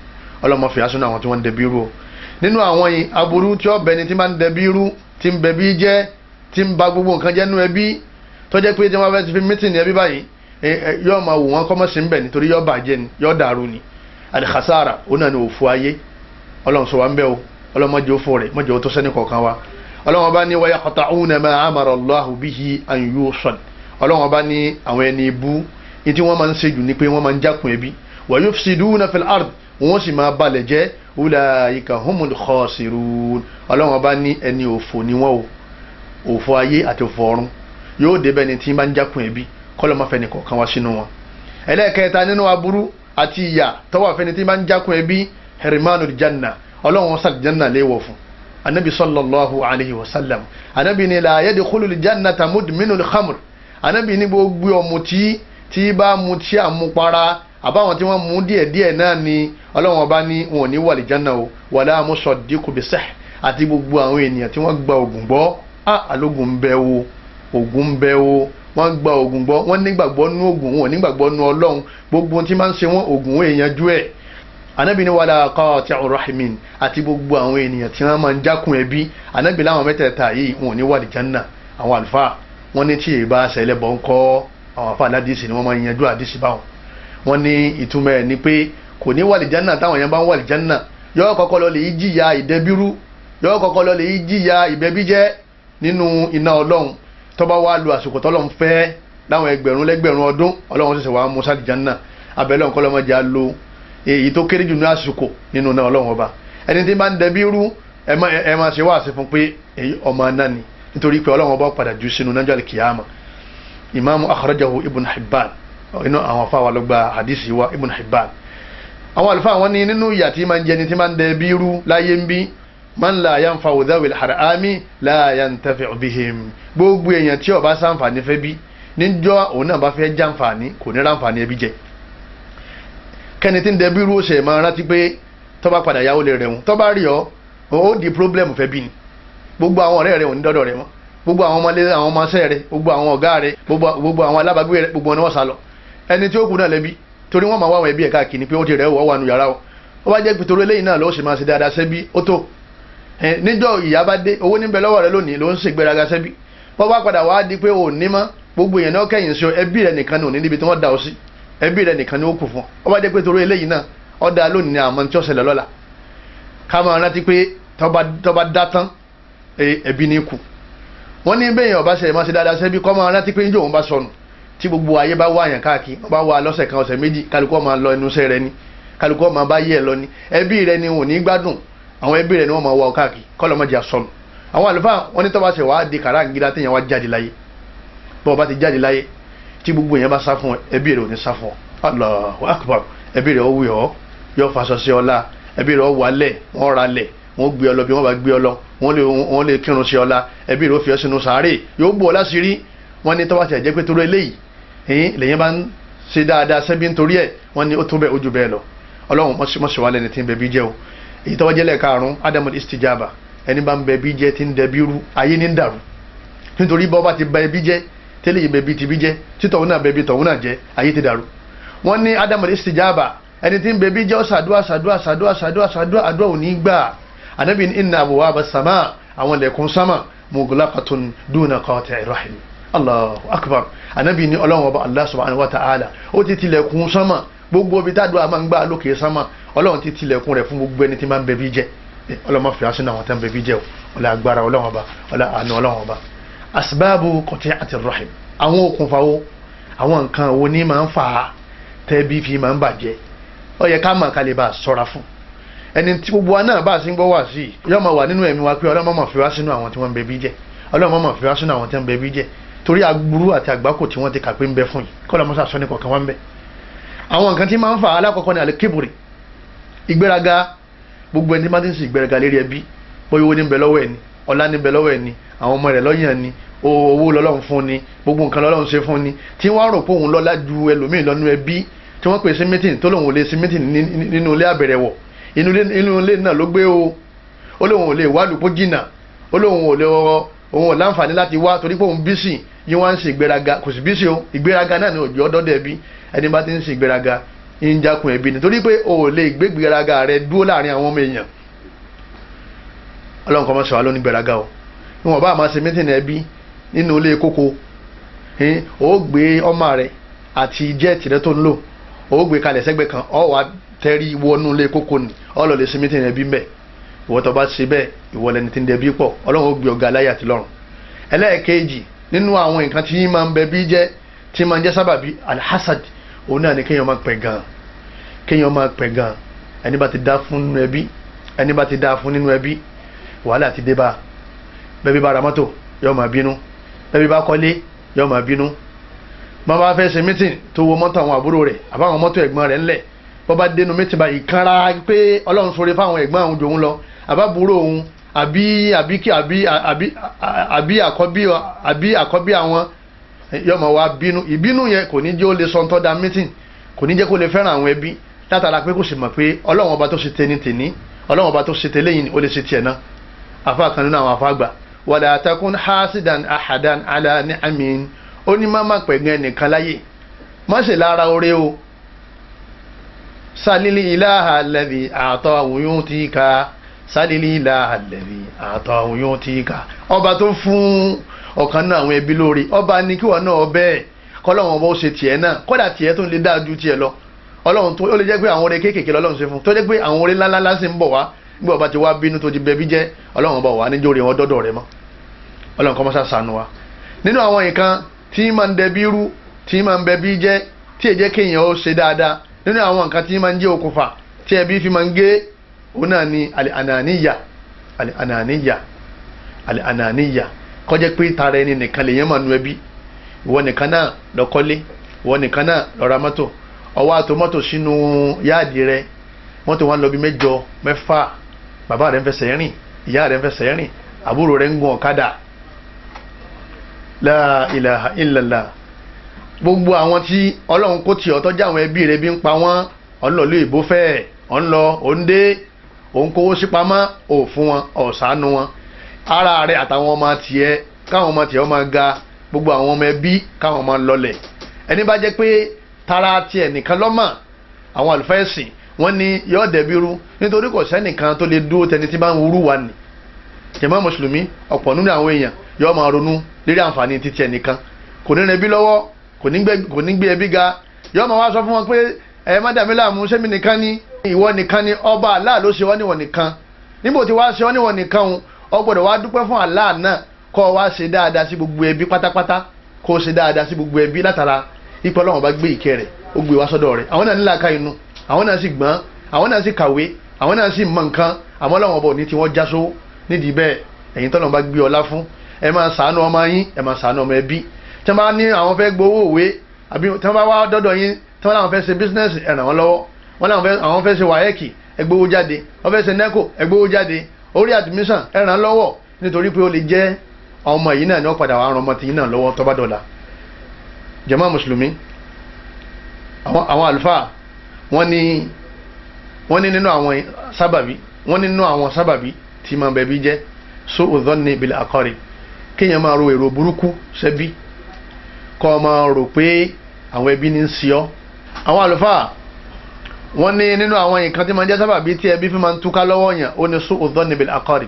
ọlọ́run fi asúnà àwọn tí wọ́n ń dẹbí rú o nínú àwọn aburú tí ó bẹni tí máa ń dẹbí rú tí ń bẹbí jẹ́ tí ń ba gbogbo nǹkan jẹ́ nú ẹbí tó jẹ́ pé tí wọ́n fẹ́ ti fi mítìnì ẹbí báyìí yóò máa wò wọ́n kọ́mọ́sí ń bẹ̀ nítorí yóò bàjẹ́ ni yóò dàrú ni àdìkàsára òun náà ni òfu ayé ọlọ́run sọ wá ń bẹ́ o ọlọ́run mọ́jọ́ fọ rẹ̀ mọ́jọ́ tó sẹ́ni kọ̀ọ̀kan wa ọlọ́run bá ní wáyà kọ́tà òun náà máa amara Allahu bihi an yusan ọlọ́run bá ní àwọn ẹni ibú ní tí wọ́n máa ń ṣejù ni pé wọ́n máa ń jákun ẹbí wa yufsiduna fil ard wọ́n sì máa balẹ̀ jẹ́ ulaika humul khasirun ọlọ́run bá ní ẹni òfò ni wọ́n o òfò ayé àti òfò ọ̀run yóò débẹ̀ ni tí wọ́n máa ń jákun ẹbí kọ́lọ́ máa fẹ́ni kọ̀ọ̀kan wá sínú wọn. ẹlẹ́ẹ̀kẹta nínú aburú àti ìyà tọ́wọ́ àfẹni tí máa ń jákun ẹbí hermanu janna ọlọ́run sàlì janna léwọ̀ fún anabi sallallahu alayhi wa sallam anabi ni la yadkhulul tamud mudminul khamr anabi ni gbogbo ọ̀mùtí tí bá mutí àmupara àbáwọn tí wọ́n mú díẹ̀ díẹ̀ náà ni ọlọ́run ọba ní wọn ò ní wà lìjánà o wàlá musaddiqu bisih àti gbogbo àwọn ènìyàn tí wọ́n gba ògùn gbọ́ á àlógùn bẹ́ o ògùn bẹ́ o wọ́n ń gba oògùn gbọ́ wọ́n nígbàgbọ́ nú oògùn wọn nígbàgbọ́ nú ọlọ́run gbogbo ohun tí máa ń ṣe wọ́n oògùn wọn èèyàn jú ẹ̀ anabi ni wàlá qati'u rahimin àti gbogbo àwọn ènìyàn tí wọ́n máa ń jákun ẹbí anabi láwọn mẹ́tẹ̀ẹ̀ta yìí wọn ò ní wà lìjánná àwọn àlùfáà wọ́n ní tí èyí bá ṣẹlẹ̀ bọ́ ń kọ́ àwọn àfa aládìsí ni wọ́n máa ń yanjú àdìsí báwọn wọ́n ní ìtumọ̀ ẹ̀ ni pé kò ní wà lìjánná táwọn yẹn bá ń wà lìjánná yọ́ọ́ kọ́kọ́ lọ lè jìyà ìdẹ́bírú yọ́ọ́ kọ́kọ́ lọ lè jìyà ìbẹ́bíjẹ́ nínú iná ọlọ́run tọ́ba wa lu àsìkò tọ́lọ́n fẹ́ láwọn ẹgbẹ̀rún lẹ́gbẹ̀rún ọdún ọlọ́run ṣẹ̀ṣẹ̀ wàá musa àlìjánná abẹ́lẹ́ ọ̀kọ́ lọ́mọdé á lo èyí tó kéré jù ní àsìkò nínú náà ọlọ́run ọba ẹni tí bá ń dẹbi irú ẹ máa ṣe wáàsí fún pé ọmọ náà ni nítorí pé ọlọ́run ọba padà jù sínú nájọ́ àlìkìyàmà imaamu akhrajahu ibn hibban inú àwọn afa wa ló gba hadisi wa ibn hibban àwọn àlùfáà wọn ní nínú ìyà tí máa ń jẹni tí máa ń dẹbi irú láyé ń bí man la yan fa wùdáwìl harami la yan tafi bihim gbogbo èèyàn tí ó bá ṣàǹfààní fẹ́ bí níjọ́ òun náà bá fẹ́ jàǹfààní kò ní ráǹfààní ẹbí jẹ kẹ́ni tí ń dẹbi irú ọ̀sẹ̀ máa rántí pé tó bá padà yàwó lè rẹ̀wọ̀n tó bá rí ọ ó di problem fẹ́ bí ni gbogbo àwọn ọ̀rẹ́ rẹ̀ ò ní dọ́dọ̀ rẹ̀ mọ́ gbogbo àwọn ọmọlé àwọn ọmọọṣẹ́ rẹ̀ gbogbo àwọn ọ̀gá rẹ̀ gbogbo àwọn alábàágbé rẹ̀ gbogbo ọ̀nà wọn sá ẹni tí ó kù náà lẹ́bi torí wọ́n máa wá àwọn ẹbí ẹ̀ káàkiri pé ó ti rẹ̀ wọ́ wà nù yàrá o ó bá jẹ́ pé torí eléyìí náà lọ́ọ́ sì máa ṣe dáadáa sẹ́bí ó tó níjọ́ ìyá bá dé owó níbẹ̀ lọ́wọ́ rẹ lónìí ló ń ṣègbéraga sẹ́bí wọ́n bá padà wá di pé ò ní gbogbo èèyàn náà kẹ́yìn sí ọ ẹbí rẹ nìkan ní òní níbi tí wọ́n da ọ sí ẹbí rẹ nìkan ní ó kù fún ọ wọ́n bá dé pé torí eléyìí náà ọ da lónìí ní tí ó ká máa rántí pé tán e, ẹbí ní kù ní ọba máa ṣe dáadáa máa rántí pé bá sọnù tí gbogbo ayé bá káàkiri àwọn ẹbí rẹ̀ ni wọ́n máa wá ọ káàkiri kọ́lọ́ mọ́jà sọnù àwọn àlùfáà wọ́n ní tọ́ba ṣe wàá di kàráǹgídá téèyàn wá jáde láyé bọ́ọ̀ bá ti jáde láyé tí gbogbo yẹn bá sá fún ẹbí rẹ̀ ò ní sá fún ọ Allahu akbar ẹbí rẹ̀ ó wù ọ́ yọ fàṣọ sí ọlá ẹbí rẹ̀ ó wà lẹ̀ wọ́n ra lẹ̀ wọ́n gbé ọ lọ bí wọ́n bá gbé ọ lọ wọ́n lè kírun sí ọlá ẹbí rẹ̀ ó fi ọ sínú sàárè yóò gbó ọ láṣìírí wọ́n ní tọ́ba ṣe jẹ́ pé toró eléyìí ẹ̀yìn èyí tó wá jẹ́ lẹ́ẹ̀karùn-ún adamul istijaba ẹni bá ń bẹ bí jẹ́ ti ń dẹbi rú ayé ní ń dàrú nítorí bọ́ bá ti bẹ bí jẹ́ tẹ́lẹ̀ yìí bẹ bí ti bí jẹ́ títọ̀hún náà bẹ bí tọ̀hún náà jẹ́ ayé ti dàrú wọ́n ní adamul istijaba ẹni tí ń bẹ bí ó ṣàdúà ṣàdúà ṣàdúà ṣàdúà ṣàdúà àdúà ò gbà anabi ní inna abwaba sama àwọn lẹ́kùn sama mughlaqatun duna gbogbo ibi tá a dùn a máa ń gbà lókè sánmà ọlọ́run ti tilẹ̀kùn rẹ̀ fún gbogbo ẹni tí máa ń bẹbí jẹ ọlọ́run máa fi aṣọ náà wọn tán bẹbí jẹ o ọlá agbára ọlọ́run ọba ọlá àánú ọlọ́run ọba asibaabu qati'ati rahim àwọn okùnfà wo àwọn nǹkan wo ni máa ń fà á tẹ́bí fi máa ń bàjẹ́ ó yẹ ká máa kalẹ̀ bá a sọ́ra fún ẹni tí gbogbo wa náà bá a sì ń gbọ́ wá sí i yóò máa wà nínú ẹ̀mí wa pé ọlọ́run máa fi wá sínú àwọn tí wọ́n ń bẹ fún yìí kọ́lá àwọn nǹkan tí máa ń fà á alákọ̀ọ́kọ́ ní alikiburi ìgbéraga gbogbo ẹni máa ti ń sin ìgbéraga lérí ẹbí bóyá owó ní bẹ lọ́wọ́ ẹ̀ ni ọlá ní bẹ lọ́wọ́ ẹ̀ ni àwọn ọmọ rẹ̀ lọ́yàn ni owó lọ́lọ́run fún ni gbogbo nǹkan lọ́lọ́run ṣe fún ni tí wọ́n rò pé òun lọ́lá ju ẹlòmíì lọ́nu ẹbí tí wọ́n pè sí mítìn tó lóun ò lè sí mítìn nínú ilé àbẹ̀rẹ̀wọ̀ inú ilé náà ló gbé o ó lóun ò lè wá lùpọ̀ jìnnà ó lóun ò lè òun ò láǹfààní lati wa torí pé òun bísì yín wá ń sin ìgbéraga kò sì bísì o ìgbéraga náà ni òjò ọdọọdẹ bí ẹni bá ti ń sin ìgbéraga ń jakun ẹbí ni torí pé o ò lè gbé ìgbéraga rẹ dúró láàrin àwọn ọmọ èèyàn ọlọ́run kọ́ o wọn bá máa ṣe mítìnì ẹbí nínú ilé kókó ó gbé ọmọ rẹ àti jẹ́ẹ̀tì rẹ tó ń lò gbé kan wá tẹ́rí wọnú ilé ni lè ẹbí ìwọ tó bá ṣe bẹ́ẹ̀ ìwọ lẹni tí ń dẹbi pọ̀ ọlọ́run ó gbé ọ̀gá láyé àti lọ́run ẹlẹ́ẹ̀kejì nínú àwọn nǹkan tí máa ń bẹ bí jẹ́ tí máa ń jẹ́ sábàbí alhassad òun náà ni kéèyàn máa pẹ̀ gan kéèyàn máa pẹ̀ gan ẹni bá ti dá fún nínú ẹbí ẹni bá ti dá fún nínú ẹbí wàhálà ti dé bá bẹ́ẹ̀ bí bá ra mọ́tò yóò máa bínú bẹ́ẹ̀ bá kọ́lé yóò máa bínú bá bá fẹ́ ṣe mítìn tó wo mọ́tò àwọn àbúrò rẹ̀ àbáwọn mọ́tò ẹ̀gbọ́n rẹ̀ ńlẹ̀ bọ́ bá dénú mítìn báyìí kánra pé ọlọ́run ṣoore fáwọn ẹ̀gbọ́n àwọn jòun lọ àbábúrò òun àbí àbí àbí àbí àbí àkọ́bí àbí àkọ́bí àwọn yọmọ wa bínú ìbínú yẹn kò ní jẹ́ ó lè sọ ntọ́ da mítìn kò ní jẹ́ kó lè fẹ́ràn àwọn ẹbí látara pé kò sì mọ̀ pé ọlọ́run ọba tó ṣe tẹni tẹni ọlọ́run ọba tó ṣe tẹlẹ́yìn ó lè ṣe tiẹ̀ náà afa kan nínú àwọn afa gbà wàlẹ̀ àtàkùn hasidan ahadan ala ní amin ó pẹ̀gàn ẹnìkan láyè má ṣe lára oore o salili ilaha alladhi àtọ̀ àwòyún ti ka sálílì ilà àlẹ́bí àtọ̀ àwọn yóò ti kà ọba tó fún ọ̀kan náà àwọn ẹbí lórí ọba ni kíwọ náà ọbẹ̀ kọ́lọ́wọ́n ọba ó ṣe tiẹ̀ náà kọ́dà tiẹ̀ tó ń lè dáa ju tiẹ̀ lọ ọlọ́run tó ó lè jẹ́ pé àwọn oore kéékèèké lọ́lọ́run ṣe fún tó jẹ́ pé àwọn oore ńláńlá sì ń bọ̀ wá nígbà ọba ti wá bínú tó ti bẹbí jẹ́ ọlọ́run ọba wà níjó òun náà ni al-ananiya al-ananiya al-ananiya kó jẹ́ pé tara ẹni nìkan lèèyàn máa nu ẹbí ìwọ nìkan náà ló kọ́lé ìwọ nìkan náà ló ra mọ́tò ọwọ́ àtò mọ́tò sínú yáàdì rẹ mọ́tò wọn lọ bí mẹ́jọ mẹ́fà bàbá rẹ ń fẹsẹ̀ rìn ìyá rẹ ń fẹsẹ̀ rìn àbúrò rẹ ń gun ọ̀kadà la ilaha illallah gbogbo àwọn tí ọlọ́run kò tí ọ̀tọ́jà àwọn ẹbí rẹ bí ń pa wọ́n ọ̀nlọ́lé ìbò fẹ́ẹ̀ ọ̀nlọ́ òǹdé òun kówó sí pamọ́ ò fún wọn ọ̀sánú wọn ara rẹ̀ àtàwọn ọmọ tiẹ̀ káwọn ọmọ tiẹ̀ ọmọ ga gbogbo àwọn ọmọ ẹbí káwọn ọmọ lọlẹ̀ ẹni bá jẹ́ pé tara tiẹ̀ nìkan lọ́mọ àwọn àlùfáà ẹ̀sìn wọ́n ní yóò dẹ̀bi rú nítorí kò sẹ́nìkan tó lè dúró tẹni tí bá ń wúrú wa nì jẹ̀mọ́ mùsùlùmí ọ̀pọ̀ nínú àwọn èèyàn yóò máa ronú lérí àǹfààní títí ẹnìkan kò ní rẹbí lọ́wọ́ kò ní gbé ẹbí ga yóò máa wá sọ fún wọn pé ẹ má dàmí láàmú sẹ́mi nìkan ni ìwọ nìkan ni ọba Allah ló ṣe wọ́n níwọ̀n nìkan níbo tí wàá ṣe wọ́n níwọ̀n nìkan o ọ gbọ́dọ̀ wá dúpẹ́ fún Allah náà kọ́ ọ wá ṣe dáadáa sí gbogbo ẹbí pátápátá kó o ṣe dáadáa sí gbogbo ẹbí látara ipò Ọlọ́run bá gbé ìkẹ́ rẹ̀ ó gbé wá sọ́dọ̀ rẹ̀ àwọn náà nílà ká inú àwọn náà sì gbọ́n àwọn náà sì kàwé àwọn náà sì mọ nǹkan àmọ́ Ọlọ́run ọba òní tí wọ́n já sówó nídìí bẹ́ẹ̀ ẹ̀yin tọ́lọ́run bá gbé ọlá fún ẹ máa ṣàánú ọmọ yín ẹ máa ṣàánú ọmọ ẹbí tí wọ́n bá ní àwọn fẹ́ gbowó òwe àbí tí wọ́n bá wá dọ́dọ̀ yín tí wọ́n láwọn fẹ́ ṣe bísínẹ́sì ẹ ràn wọ́n lọ́wọ́ wọ́n láwọn àwọn fẹ́ ṣe wáyẹ́kì ẹgbówó jáde wọ́n fẹ́ ṣe nẹ́kò ẹgbówó jáde orí admission ẹ̀ràn lọ́wọ́ nítorí pé ó lè jẹ́ ọmọ yìí náà ni wọ́n padà wà ràn ọmọ tìyín náà lọ́wọ́ tó bá dọ̀la jàmá mùsùlùmí àwọn àlùfáà wọ́n ní wọ́n ní nínú àwọn sábàbí wọ́n ní nínú àwọn sábàbí tí màá bẹ̀bí jẹ́ so òzọ́ni ìbílẹ̀ àkọ́rẹ́ kéèyàn máa ro èrò burúkú sẹ́bí kọ́ máa rò pé àwọn ẹbí ní ń si ọ́ àwọn àlùfáà wọ́n ní nínú àwọn nǹkan tí máa ń jẹ́ sábàbí tí ẹbí fi máa ń túká lọ́wọ́ yẹn ó ní sún ọ̀dọ́ níbi àkọ́rì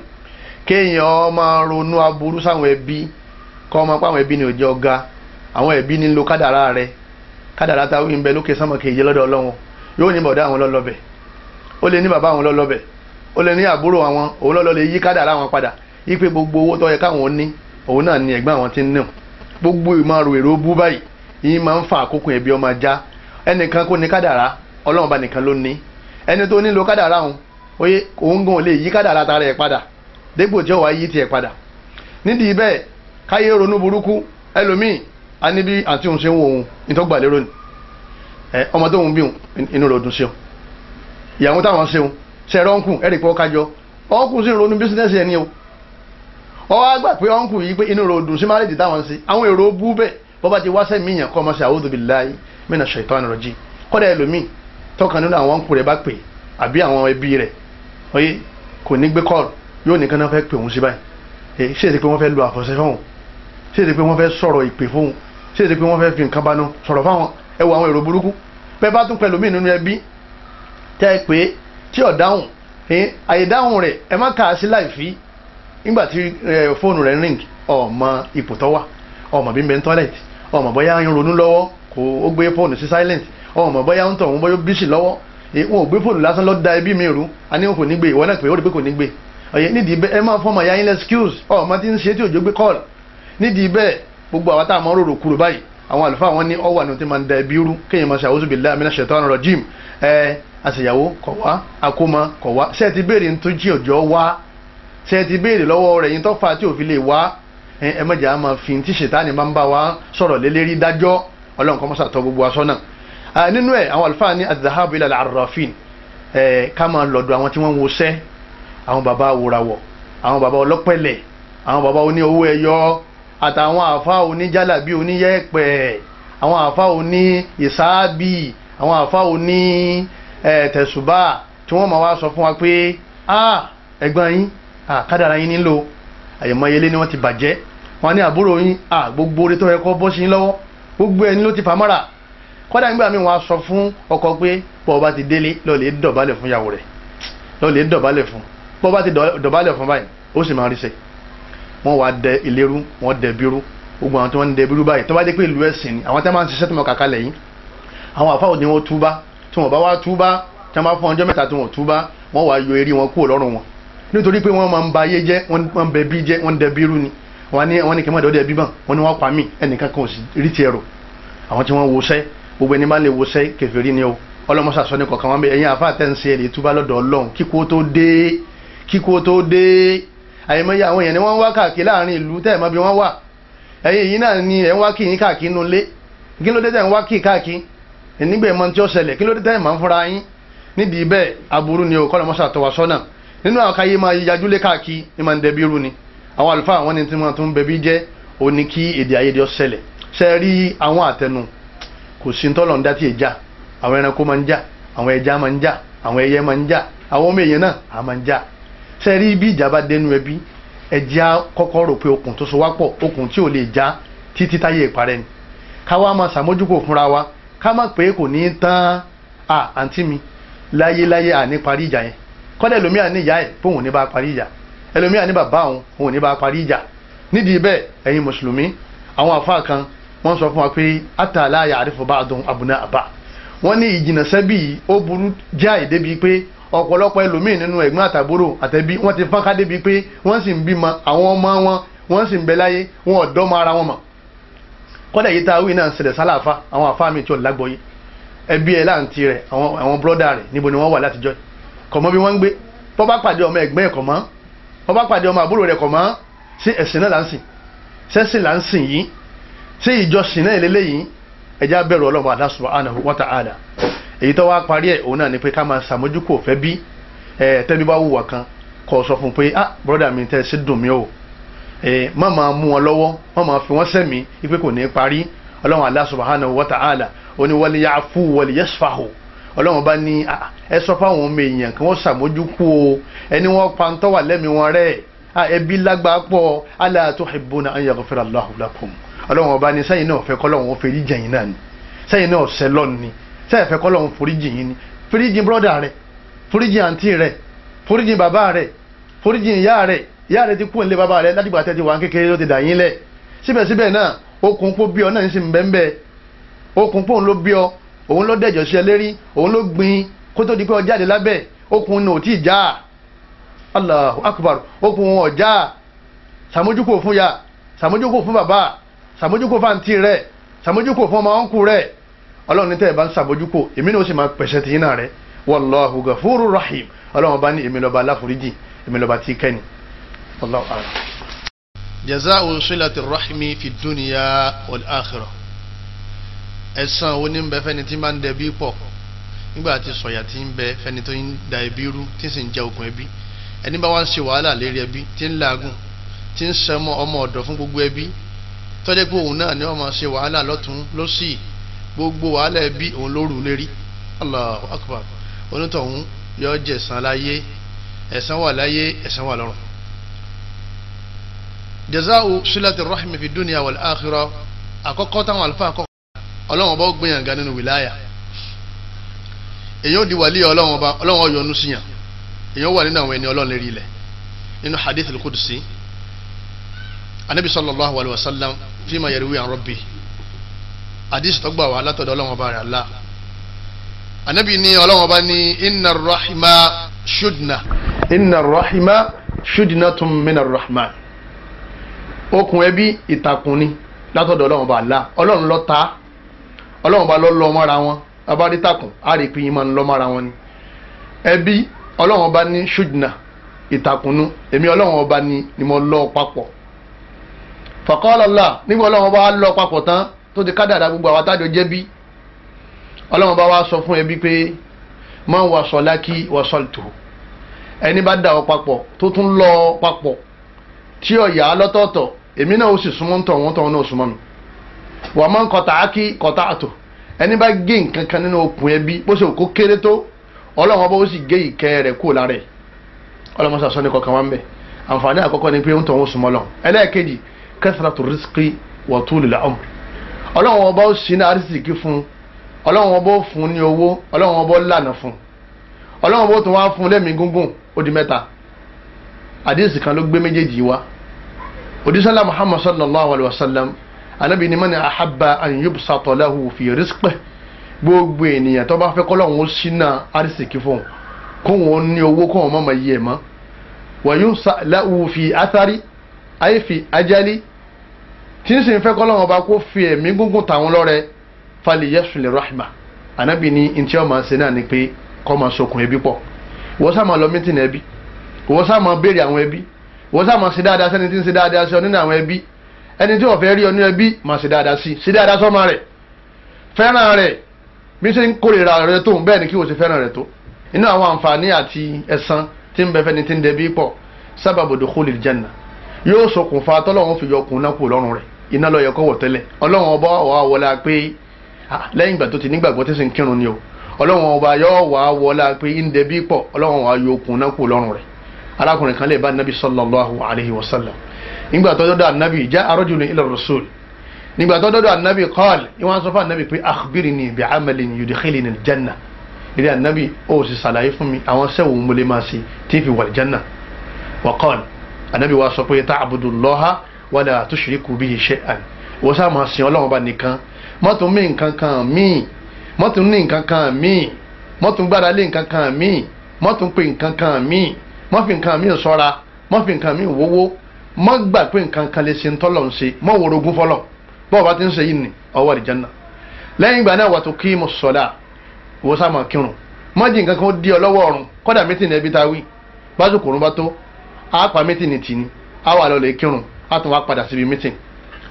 kéèyàn máa ronú aburú sáwọn ẹbí kọ́ ọmọ pé àwọn ẹbí ni òjò ọ̀gá àwọn ẹbí ní lo kádàrá rẹ kádàrá ta wíńbẹ lókè sánmọ̀ kejì lọ́dọ̀ ọlọ́run yóò ní bọ̀dá àwọn lọ́lọ́bẹ̀ ó lè ní bàbá àwọn lọ́lọ́bẹ̀ ó lè ní àbúrò àwọn òun lọ́lọ́ lè yí kádàrá àwọn padà yí gbogbo owó tó káwọn ní òun náà ní ẹ̀gbọ́n àwọn tí ń nù gbogbo ìmọ̀ èrò bú báyìí yìí máa ń fa àkókò ẹbí ọmọ ajá ẹnìkan kò ní kádàrá ọlọ́run lọ nìkan ló ní ẹni tó nílò kádàrá òun oye òun gan lè yí kádàrá tara ẹ padà dégbò tí ó yí tiẹ̀ padà nídìí bẹ́ẹ̀ káyé ronú burúkú ẹlòmíì á àti òun ṣe ń wo òun ìtọ́gbà lérò ni ẹ ọmọ tó ń bí òun inú rẹ̀ ọdún ṣeun ìyàwó táwọn ṣeun ṣe rọ́ǹkù pé ọ̀ǹkù o pé ọ̀ǹkù yìí pé inú rẹ̀ ọdún sí àwọn èrò bú bẹ́ẹ̀ bọ́bá ti kọ́ ọmọ sí tọ́kàn nínú àwọn ọ̀nkù rẹ̀ bá pè àbí àwọn ẹbí rẹ̀ oyè kò ní gbé kọ́ọ̀lù yóò nìkan náà fẹ́ pè òun sí báyìí ṣé èsì pé wọ́n fẹ́ lu àfọ̀ṣẹ fóun ṣé èsì pé wọ́n fẹ́ sọ̀rọ̀ ìpè fóun ṣé èsì pé wọ́n fẹ́ fi nǹkan banú sọ̀rọ̀ fáwọn ẹwà àwọn èrò burúkú pẹ́ bá tún pẹ̀lú mí nínú ẹbí tẹ́ ẹ pé tí ò dáhùn àyè dáhùn rẹ̀ ẹ má kà á sí láì fi nígbà tí fóònù rẹ̀ ring ọmọ ipò tó wà ọmọ bí ń bẹ ní tọ́lẹ̀tì ọmọ bóyá ń ronú lọ́wọ́ kó o gbé fóònù sí silent wọn mọ̀ bóyá ń tọ̀ wọn bóyá bíṣì lọ́wọ́ wọn ò gbé fóònù lásán lọ́ọ́ da ẹbí mi rú a ní kò ní gbé ìwọ náà pé ó rí pé kò ní gbé ọ̀yẹ́ nídìí bẹ́ẹ̀ ẹ máa fọmọ ìyá yín lẹ́skíùs ọmọ tí ń ṣe tí òjò gbé kọ́ọ̀lù nídìí bẹ́ẹ̀ gbogbo àwọn tá a máa rorò kúrò báyìí àwọn àlùfáà wọn ní ọwọ́ àná tí máa ń da ẹbí rú kéèyàn máa ṣe a'udhu ẹ mọ̀jà máa fi ti ṣètánì máa ń bá wa sọ̀rọ̀ lélẹ́rí dájọ́ ọlọ́run kọ́ mọ́sàtọ́ gbogbo aṣọ náà Ah, nínú ẹ̀ àwọn àlùfáà ní azahabu ilà arrafin ká máa lọ́dọ̀ àwọn tí wọ́n ń wọṣẹ́ àwọn baba awòràwọ̀ àwọn baba ọlọ́pẹ̀lẹ̀ àwọn baba oní owó ẹyọ àtàwọn àfa oníjàlábí oníyẹ̀pẹ̀ àwọn àfa oní ìsáábì àwọn àfa oní tẹ̀sùbà tí wọ́n máa wá sọ fún wa pé ẹ̀gbọ́n yín kádàrá yín nílò àyẹ̀mọ́yẹlé ni wọ́n ti bàjẹ́ wọ́n ní àbúrò yín gbogbo orí tó yẹ kó bọ́ sí lọ́wọ́ gbogbo ẹni ló ti fàmọ́ra kọ́dà nígbà míì wọ́n á sọ fún ọkọ pé bọ́ọ̀ bá ti délé lọ́ọ̀lẹ́ dọ̀bálẹ̀ fún ìyàwó rẹ̀ lọ́ọ̀lẹ́ dọ̀bálẹ̀ fún bọ́ọ̀ bá ti dọ̀bálẹ̀ fún báyìí ó sì máa ríṣẹ́ wọ́n wá dẹ ìlérú wọ́n dẹ bírú gbogbo àwọn tí wọ́n ń dẹ bírú báyìí tó bá dé pé ìlú ẹ̀sìn ni àwọn tí wọ́n máa ń ṣiṣẹ́ tó mọ̀ kàkà lẹ̀ yìí àwọn àfáwọn ni wọ́n túbá tí wọ́n bá wá túbá tí wọ́n bá fún ọjọ́ mẹ́ta tí wọ́n túbá wọ́n wá yọ eré wọn kúrò lọ́rùn wọn nítorí pé wọ́n máa ń ba ayé jẹ́ wọ́n bẹ bí jẹ́ wọ́n dẹ bírú ni wọ́n ní wọ́n ní kí wọ́n dẹ bí bàn wọ́n ní wọ́n pa mí ẹnìkan kan ò sì rí tiẹ̀ rò àwọn tí wọ́n wo sẹ́ gbogbo ẹni bá lè wọṣẹ́ kèfèrí ni o ọlọ́mọṣà sọ ní kọ̀ọ̀kan wọn bẹ ẹ̀yin àfa àtẹ̀ǹsẹ̀ èrè túbá lọ́dọ̀ ọlọ́run kíkó tó dé kíkó tó dé àyèmọ́yé àwọn èèyàn ni wọ́n ń wá káàkiri láàrin ìlú tẹ́ ẹ̀ mọ́ bí wọ́n wà ẹ̀yin yìí náà ni ẹ̀ ń wá kí yín káàkiri nínú ilé kí ló dé tẹ̀ ń wá kí káàkiri nígbà ìmọ̀ tí ó ṣẹlẹ̀ kí ló dé tẹ̀ máa ń fúnra yín nídìí bẹ́ẹ̀ aburú ni o kọ́lọ́mọṣà tọwọ́ sọ́nà nínú àwọn káyé máa yíyajú lé káàkiri ní máa ń dẹbi irú ni kò sí ntọ́lọ̀ ń dá tí ì já àwọn ẹranko máa ń já àwọn ẹja máa ń já àwọn ẹyẹ máa ń já àwọn ọmọ èèyàn náà á máa ń já sẹ́rí bí ìjà bá dénú ẹbí ẹja kọ́kọ́ rò pé okùn tó so wá pọ̀ okùn tí ò lè já títí táyé ìparẹ́ ni ká wá máa ṣàmójúkò fúnra wa ká má pé kò ní tán à àǹtí mi láyéláyé àní parí ìjà yẹn kọ́dẹ̀ ẹlòmí àní ìyá ẹ̀ fóun ò ní bá parí ìjà ẹlòmí àní bàbá òun òun ní bá parí ìjà nídìí bẹ́ẹ̀ ẹ̀yin mùsùlùmí àwọn àfáà kan wọ́n sọ fún wa pé àtàlà ya'rifu ba'dun abuna àbá wọ́n ní ìjìnàsẹ́bí ó burú jáì débi pé ọ̀pọ̀lọpọ̀ ẹlòmíì nínú ẹ̀gbọ́n àtàbúrò àtẹ̀bí wọ́n ti fọ́nká débi pé wọ́n sì ń bímọ àwọn ọmọ wọn wọ́n sì ń bẹ láyé wọn ọ̀dọ́ mọ ara wọn mọ̀ kọ́dà yìí tá a wí náà ń ṣẹlẹ̀ sálàáfà àwọn àfáà mi tí ò lágbọ́yé ẹbí ẹ̀ láǹtí rẹ̀ àwọn bọ́dà rẹ̀ níbo ni wọ́n wà látijọ́ kọ̀mọ́ bí wọ́n ń gbé bọ́ bá pàdé ọmọ ẹ̀gbọ́n ẹ̀ kọ̀mọ́ bọ́ bá pàdé ọmọ àbúrò rẹ̀ kọ̀mọ́ sí ẹ̀sìn náà là sẹ́sìn là yìí ṣé ìjọsìn náà lélẹ́yìn ẹja bẹ̀rù ọlọ́run Allah subhanahu wa ta'ala èyí tó wá parí ẹ̀ òun náà ni pé ká máa ṣàmójúkò fẹ́ bí ẹ tẹ́bí bá wùwà kan kó sọ fún un pé ah brọ́dà mi tẹ́ ṣe dùn mí o ẹ má máa mú wọn lọ́wọ́ má máa fi wọ́n sẹ́mi ipe kò ní í parí ọlọ́run Allah subhanahu wa ta'ala ó ní wal ya'fu wal yasfahu ọlọ́run bá ní ah, ẹ sọ fáwọn ọmọ èèyàn kí wọ́n ṣàmójúkú o ẹni wọ́n pa ń tọ́wà lẹ́mìí wọn rẹ̀ ah, ẹbí lágbàá pọ̀ ala tuhibbuna an ọlọ́run ọba ni sẹ́yìn náà fẹ́ kọ́lọ́run ó forí jẹ̀yìn náà ni sẹ́yìn náà ṣẹ lọ́n ni sẹ́yìn fẹ́ kọ́lọ́run forí jẹ̀yìn ni forí jìn brọ́dà rẹ̀ forí jìn àǹtí rẹ̀ forí jìn bàbá rẹ̀ forí jìn ìyá rẹ̀ ìyá rẹ̀ ti kú nílé bàbá rẹ̀ látìgbà tẹ́ ti wà kékeré ló ti dà yín lẹ̀ síbẹ̀síbẹ̀ náà okùn pò bí ọ náà ń sìn bẹ́ẹ̀ okùn pò ló bí ọ òun ló dẹ̀jọ́ sí ẹ lérí òun ló gbin kó tó di pé ọ lábẹ́ okùn náà ò tí ì já Allahu akbar okùn ọ̀já sàmójúkò fún ya sàmójúkò fún bàbá sàmójúkò fáǹtì rẹ̀ sàmójúkò fún ọmọ ọ̀nkù rẹ̀ ọlọ́run ní tẹ́ ẹ̀ bá ń sàmójúkò èmi náà ó sì máa pẹ̀sẹ̀ tì í náà rẹ̀ wallahu gafuru rahim ọlọ́run bá ní èmi lọ́ba aláforíjì èmi lọ́ba tí kẹ́ni wallahu a'lam. jaza'u silati rahimi fi dunya wal akhirah ẹ̀san onímbẹ fẹ́ni tí máa ń dẹbi pọ̀ nígbà tí sọ̀yà ti ń bẹ fẹ́ni tó ń da ẹbí rú tí sì ń jẹ okùn ẹbí ẹni bá wá ń ṣe wàhálà lérí ẹbí tí ń làágùn tí ń sẹmọ ọmọ ọ̀dọ̀ fún gbogbo ẹbí tọ́jẹ́ pé òun náà ni wọ́n máa ṣe wàhálà lọ́tún lọ́sì gbogbo wàhálà ẹbí òun lóru lérí Allahu akbar onítọ̀hún yọ jẹ̀sán láyé ẹ̀san wà láyé ẹ̀san wà lọ́run. jazau silati rahmi fi dunya wal akhirah àkọ́kọ́ táwọn àlùfáà kọ́ ọlọ́wọ́n bá gbìyàn nínú wìláyà èyí ó di wàlíyà ọlọ́wọ́n bá ọlọ́wọ́n yọ ọ́nú síyàn èyí ó wà nínú àwọn ẹni ọlọ́run lérí ilẹ̀ nínú hadith al-Qudsi anabi sallallahu alayhi wa sallam fíìmà yẹrìwé àrùn bì àdìsí tó gbà wá látọ̀dọ̀ ọlọ́wọ́n bá rẹ̀ àlá anabi ni ọlọ́wọ́n bá ní inna rahima shudna inna rahima shudna tún mina rahman okùn ẹbí ìtàkùn ni látọ̀dọ̀ ọlọ́wọ́n bá àlá ọlọ́run ló ta ọlọ́wọ́n bá lọ lọ mọ́ra wọn abáríntàkùn àrèpé yín máa ń lọ mọ́ra wọn ni ẹbí ọlọ́wọ́n bá ní shudna ìtàkùnú èmi ọlọ́wọ́n ọba ni ni mo lọ́ papọ̀ fàkọ́lọ́lá nígbà ọlọ́run bá lọ papọ̀ tán tó ti kádàdà gbogbo àwọn àtàjọ jẹ́bí ọlọ́run bá wá sọ fún ẹbí pé máa ń wàṣọ lákì wàṣọ tó ẹni bá dà ọ papọ̀ tó tún lọ papọ̀ tí ọ̀yà lọ́tọ̀ọ̀tọ̀ èmi náà ó sì súnmọ́ ntọ̀ wọn tọ̀ wọn náà súnmọ́ mi wà máa ń kọta ákì kọta àtò ẹni bá gé nǹkan kan nínú okùn ẹbí bó ṣe òkú kéré tó ọlọ́run bá ó sì gé ìkẹ́ rẹ̀ kúrò lára ẹ̀ ọlọ́run sàṣọ́ ní kọkàn wá ń àǹfààní àkọ́kọ́ ni pé ń wọn súnmọ́ lọ ẹlẹ́ẹ̀kejì kẹsàràtù rìsíkì wà tó lè làwọn ọlọ́run ọba ó ṣe ní àrísìkí fún ọlọ́run ọba ó fún ní owó ọlọ́run ọba ó lànà fún ọlọ́run ọba ó tún wá fún lẹ́mìí gúngùn ó di mẹ́ta àdéhùsì kan ló gbé méjèèjì wá odisala muhammad sallallahu alaihi wasallam anabi ni mani ahabba an yubsata lahu fi rizqi gbogbo ènìyàn tó bá fẹ́ kọ́ lọ́wọ́ sínú arísìkí fún kóun ó ní owó kóun má máa yẹ mọ́ wa yunsa fi athari ay fi ajali tí ń sìn fẹ́ kọ́lọ́wọ́n bá kó fi ẹ̀mí gúngún tàwọn lọ́rẹ falẹ̀ yẹ́sùn lè rahma ànábì ní ntí ọmọ ṣe náà ni pé kọ́ máa sokùn ẹbí pọ̀ wọ́n sá máa lọ mítìnì ẹbí wọ́n sá máa béèrè àwọn ẹbí wọ́n sá máa ṣe dáadáa sẹ́ni tí ń ṣe dáadáa sí ọ nínú àwọn ẹbí ẹni tí wọ́n fẹ́ rí ọ ní ẹbí máa ṣe dáadáa sí ṣe dáadáa sọ́mọ rẹ̀ fẹ́ràn rẹ̀ bí ṣe ń kórìíra rẹ̀ tó bẹ́ẹ̀ ni kí wọ́n ṣe fẹ́ràn rẹ̀ tó inú àwọn àǹfààní àti ẹ̀san tí ń bẹ fẹ́ni tí ń dẹbí pọ̀ sábàbòdò kólì jẹ́nà yóò ṣokùnfà tọ́lọ́run fi yọkùn náà kú lọ́rùn rẹ̀ iná lọ yẹ kó wọ̀ tẹ́lẹ̀ ọlọ́run ọba wà wọlá pé lẹ́yìn ìgbà tó ti nígbàgbọ́ tí sì ń kírun ni o ọlọ́run ọba yọ wà wọlá pé ń dẹbi pọ̀ ọlọ́run wà yọ okùn náà kú lọ́rùn rẹ̀ arákùnrin kan lè bá nabi sallallahu alayhi wa sallam nígbà tó dọ́dọ̀ anabi já arọ́jùlẹ̀ ila rasul nígbà tó dọ́dọ̀ anabi qal ìwọ̀n sọ fún anabi pé akhbirni bi amalin yudkhilini aljanna ilé anabi ó sì ṣàlàyé fún mi àwọn sẹ́wọ̀n mo máa ṣe tí fi wal janna wa qal anabi wa sọ pé ta'budullaha wala tushriku bihi shay'an wọ́n sá máa sin ọlọ́run bá nìkan mọ́tún mí nǹkan kan míì mọ́tún ní nǹkan kan míì mọ́tún gbára lé nǹkan kan míì mọ́tún pé nǹkan kan míì mọ́fi nǹkan míì sọ́ra mọ́fi nǹkan míì wówó mọ́ gbà pé nǹkan kan lè ṣe ń tọ́lọ̀ ń ṣe mọ́ wòrò ogún fọlọ̀ bọ́ọ̀ bá ti ń ṣe yìí ni ọwọ́ àdìjánná lẹ́yìn ìgbà náà wà tó kí mo sọ̀dà wọ́n sá máa kírun mọ́jì nǹkan kan di ọlọ́wọ́ ọ̀run kọ́dà mítìnì ẹbí ta wí bá tó kòrún bá tó àápá mítìnì tì ní àwa lọ lè kírun a tún wá padà síbi meeting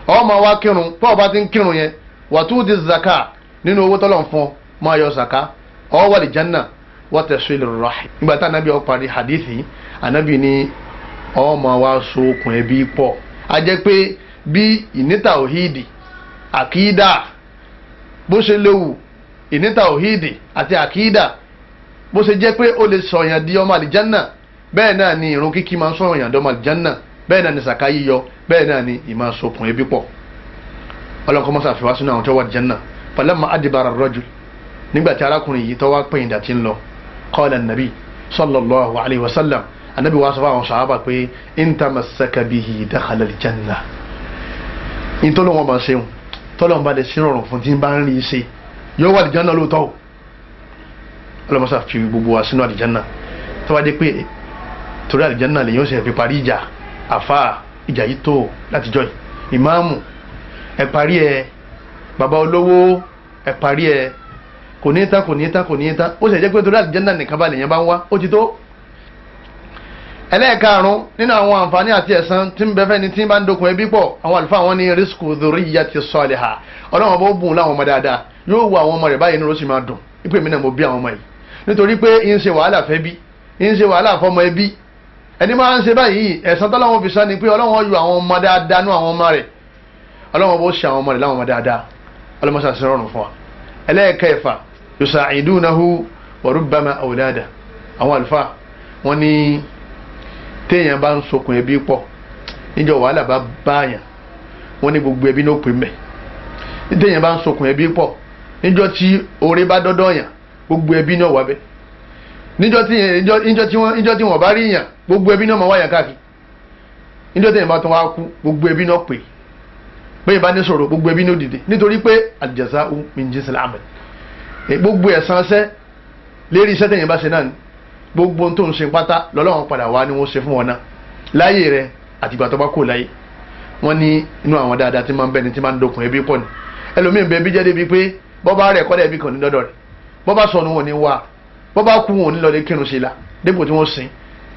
ọmọ wa kírun tó o bá ti ń kírun yẹn wàtú di zaka nínú owó tọ́lọ̀ ń fún máa yọ zaka ọ wà lè janna wọ́n tẹ̀ sọ ìlú rahim nígbà tá anabi ọparí hadithi anabi ni ọmọ wa so okùn ẹbí pọ̀ a jẹ́ pé bí ìníta òhídì àkídà bó ṣe léwu ìníta òhídì àti àkídà bó ṣe jẹ́ pé ó lè sọ̀yàn di ọmọ àlìjánà bẹ́ẹ̀ náà ni ìrun kíkí máa ń sọ̀yàn di ọmọ àlìjánà bẹ́ẹ̀ náà ni sàká yíyọ bẹ́ẹ̀ náà ni ìmọ̀ sokùn ebi pọ̀ ọlọ́nkọ́ mọ́sá fi wá sínú àwọn tó wà jẹ́nà falamma adibara rajul nígbà tí arákùnrin yìí tó wá pẹ́yìn dàtí ń lọ qala nàbí sallallahu alayhi wa sallam anabi wa sọ fún àwọn sàhábà pé in tamassaka bihi dakhala al-janna ìtọ́lọ́wọ́n bá ṣeun tọ́lọ́wọ́n bá lè ṣe rọrùn fún tí ń bá ń rí ṣe yóò àfa ìjà yìí tó látijọ́ yìí ìmáàmù ẹ parí ẹ bàbá olówó ẹ parí ẹ kò ní tán kò ní tán kò ní tán ó sì jẹ́ pé torí àlìjẹ́ndà nìkan balẹ̀ yẹn bá ń wá ó ti tó. ẹlẹ́ẹ̀karùn-ún nínú àwọn àǹfààní àti ẹ̀sán tí ń bẹ fẹ́ni tí ń bá ń dokun ẹbí pọ̀ àwọn àlùfáà wọn ní rísíkù dhurriyyati saliha ọlọ́wọ́n bó bùn láwọn ọmọ dáadáa yóò wo àwọn ọmọ rẹ̀ báyìí àwọn ọmọ yìí nítorí pé ń ṣe wàhálà fẹ́ bí ń ṣe wàhálà fọmọ ẹni máa ń ṣe báyìí ẹ̀san tọ́lọ́wọ́n fi sá ni pé ọlọ́wọ́n yọ àwọn ọmọ dáadáa nú àwọn ọmọ rẹ̀ ọlọ́wọ́n bó ṣe àwọn ọmọ rẹ̀ láwọn ọmọ dáadáa ọlọ́mọṣà sí rọrùn fún wa ẹlẹ́ẹ̀kẹfà yusa'idunahu wa rubbama awlada àwọn àlùfáà wọn ní téèyàn bá ń sokùn ẹbí pọ̀ níjọ wàhálà bá báyàn wọn ní gbogbo ẹbí ló pè mẹ́ téèyàn bá ń sokùn ẹbí pọ̀ níjọ tí oore bá dọ́dọ̀ gbogbo ẹbí náà wà bẹ́ẹ̀ níjọ́ tí níjọ́ tí wọ́n níjọ́ tí wọ́n bá rí yàn gbogbo ẹbí náà máa wáyà káàkiri níjọ́ tí ìbátan wa kú gbogbo ẹbí náà pè pé ìbánisọ̀rọ̀ gbogbo ẹbí náà dìde nítorí pé àjẹsà min jinsil amal gbogbo ẹ̀san ṣẹ́ lérí iṣẹ́ tẹ̀yìn bá ṣe náà ni gbogbo tó ń ṣe pátá lọ́lọ́run padà wá ni wọ́n ṣe fún wọn náà láyé rẹ àtìgbà tó bá kò láyé wọ́n ní inú àwọn dáadáa tí máa ń bẹ́ni tí máa ń dokùn ẹbí pọ̀ ni ẹlòmíín bẹ́ẹ̀ bí jẹ́ débi pé bọ́ bá rẹ̀ kọ́ dẹ̀ bí kàn ní dọ́dọ̀ rẹ̀ bọ́ bọ́ bá kú wọn ò ní lọ lè kírun ṣe la dépò tí wọ́n sin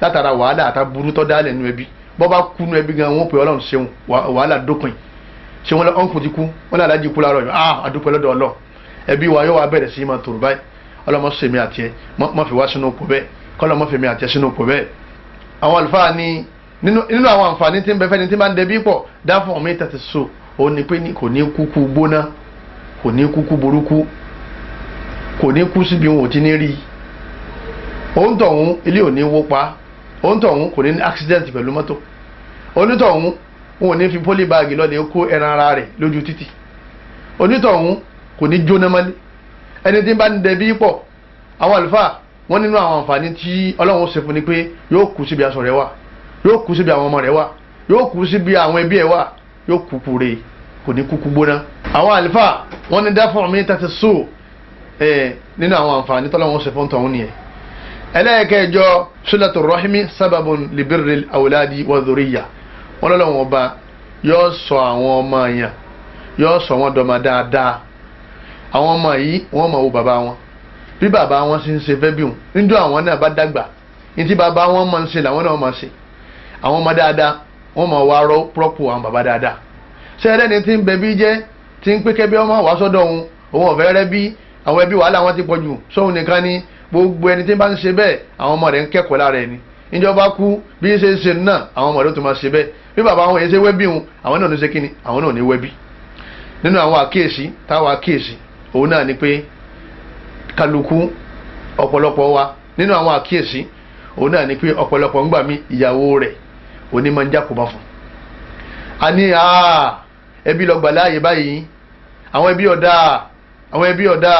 látara wàhálà àtàbúrú tọ́ dálẹ̀ nínú ẹbí bọ́ bá kú nínú ẹbí gan wọn pè ọlọ́run ṣeun wàhálà dópin ṣe wọn ọ̀nkùn ti kú wọn làlá jí kú láàárọ̀ yìí ah àdúpẹ́ lọ́dọ̀ ọlọ́ ẹbí wa yóò wá bẹ̀rẹ̀ sí máa tòrò báyìí ọlọ́mọ sèmi àti ẹ mọ́ fi wá sínú òpó bẹ́ẹ̀ kọ́lọ́mọ fèmi àti ẹ sínú òpó bẹ́ẹ̀ àwọn àlùfáà ni nínú àwọn àǹfààní tí ń bẹ fẹ́ni tí máa ń dẹbí pọ̀ dáfún ọ̀mí tẹ̀sí so òun ni pé kò ní kúkú gbóná kò ní kúkú burúkú kò ní kú síbi wọn ò ti ní rí i òǹtọ̀hún ilé ò ní wó pa òǹtọ̀hún kò ní accident pẹ̀lú mọ́tò onítọ̀hún wọn ò ní fi pólí báàgì lọ́lẹ̀ kó ẹran ara rẹ̀ lójú títì onítọ̀hún kò ní jóná mọ́lẹ̀ ẹni tí ń bá ń dẹbi pọ̀ àwọn àlùfáà wọ́n nínú àwọn àǹfààní tí ọlọ́run ṣe fún ni pé yóò kú síbi aṣọ rẹ̀ wà yóò kú síbi àwọn ọmọ rẹ̀ wà yóò kú síbi àwọn ẹbí ẹ̀ wà yóò kú kúre kò ní kúkú gbóná àwọn àlùfáà wọ́n ní dáfọ̀ mi tàti sóò nínú àwọn àǹfààní tọ́lọ́run ṣe fún tọ̀hún nìyẹn ẹlẹ́ẹ̀kẹjọ sulatu rahimi sábàbùn libiril awuladi wazuriya wọn lọ́lọ́wọ́n ọba yóò sọ àwọn ọmọ yẹn yóò sọ wọn dọ́mọ dáadáa àwọn ọmọ yìí wọ́n mọ̀ wo bàbá wọn bí bàbá wọn sì ń ṣe fẹ́ bí wọn níjọ́ àwọn náà bá dàgbà ní ti bàbá wọn máa ń ṣe làwọn náà máa ṣe àwọn ọmọ dáadáa wọ́n máa wá rọ púrọ́pù àwọn bàbá dáadáa ṣé ẹlẹ́ni tí ń bẹ jẹ́ tí ń pé kẹ́bí ọmọ wàá òun òun ọ̀fẹ́ rẹ́ bí àwọn ẹbí wàhálà wọn ti pọ̀ sóhun nìkan ni gbogbo ẹni tí ń bá ń ṣe bẹ́ẹ̀ àwọn ọmọ rẹ̀ ń kẹ́kọ̀ọ́ lára ẹni ìjọba kú bí ṣe ń ṣe náà àwọn ọmọ rẹ̀ tó máa ṣe bẹ́ẹ̀ bí bàbá àwọn èyí ṣe wẹ́bí wọn àwọn náà ní ṣe kíni àwọn náà ní wẹ́bí nínú àwọn àkíyèsí táwọn àkíyèsí òun náà ni pé kálukú ọ̀pọ̀lọpọ̀ wa nínú àwọn àkíyèsí òun náà ni pé ọ̀pọ̀lọpọ̀ ń gbà mí ìyàwó rẹ̀ òní máa ń jákòbá fún a ní ẹbí lọ gbà láàyè báyìí àwọn ẹbí ọ̀dà àwọn ẹbí ọ̀dà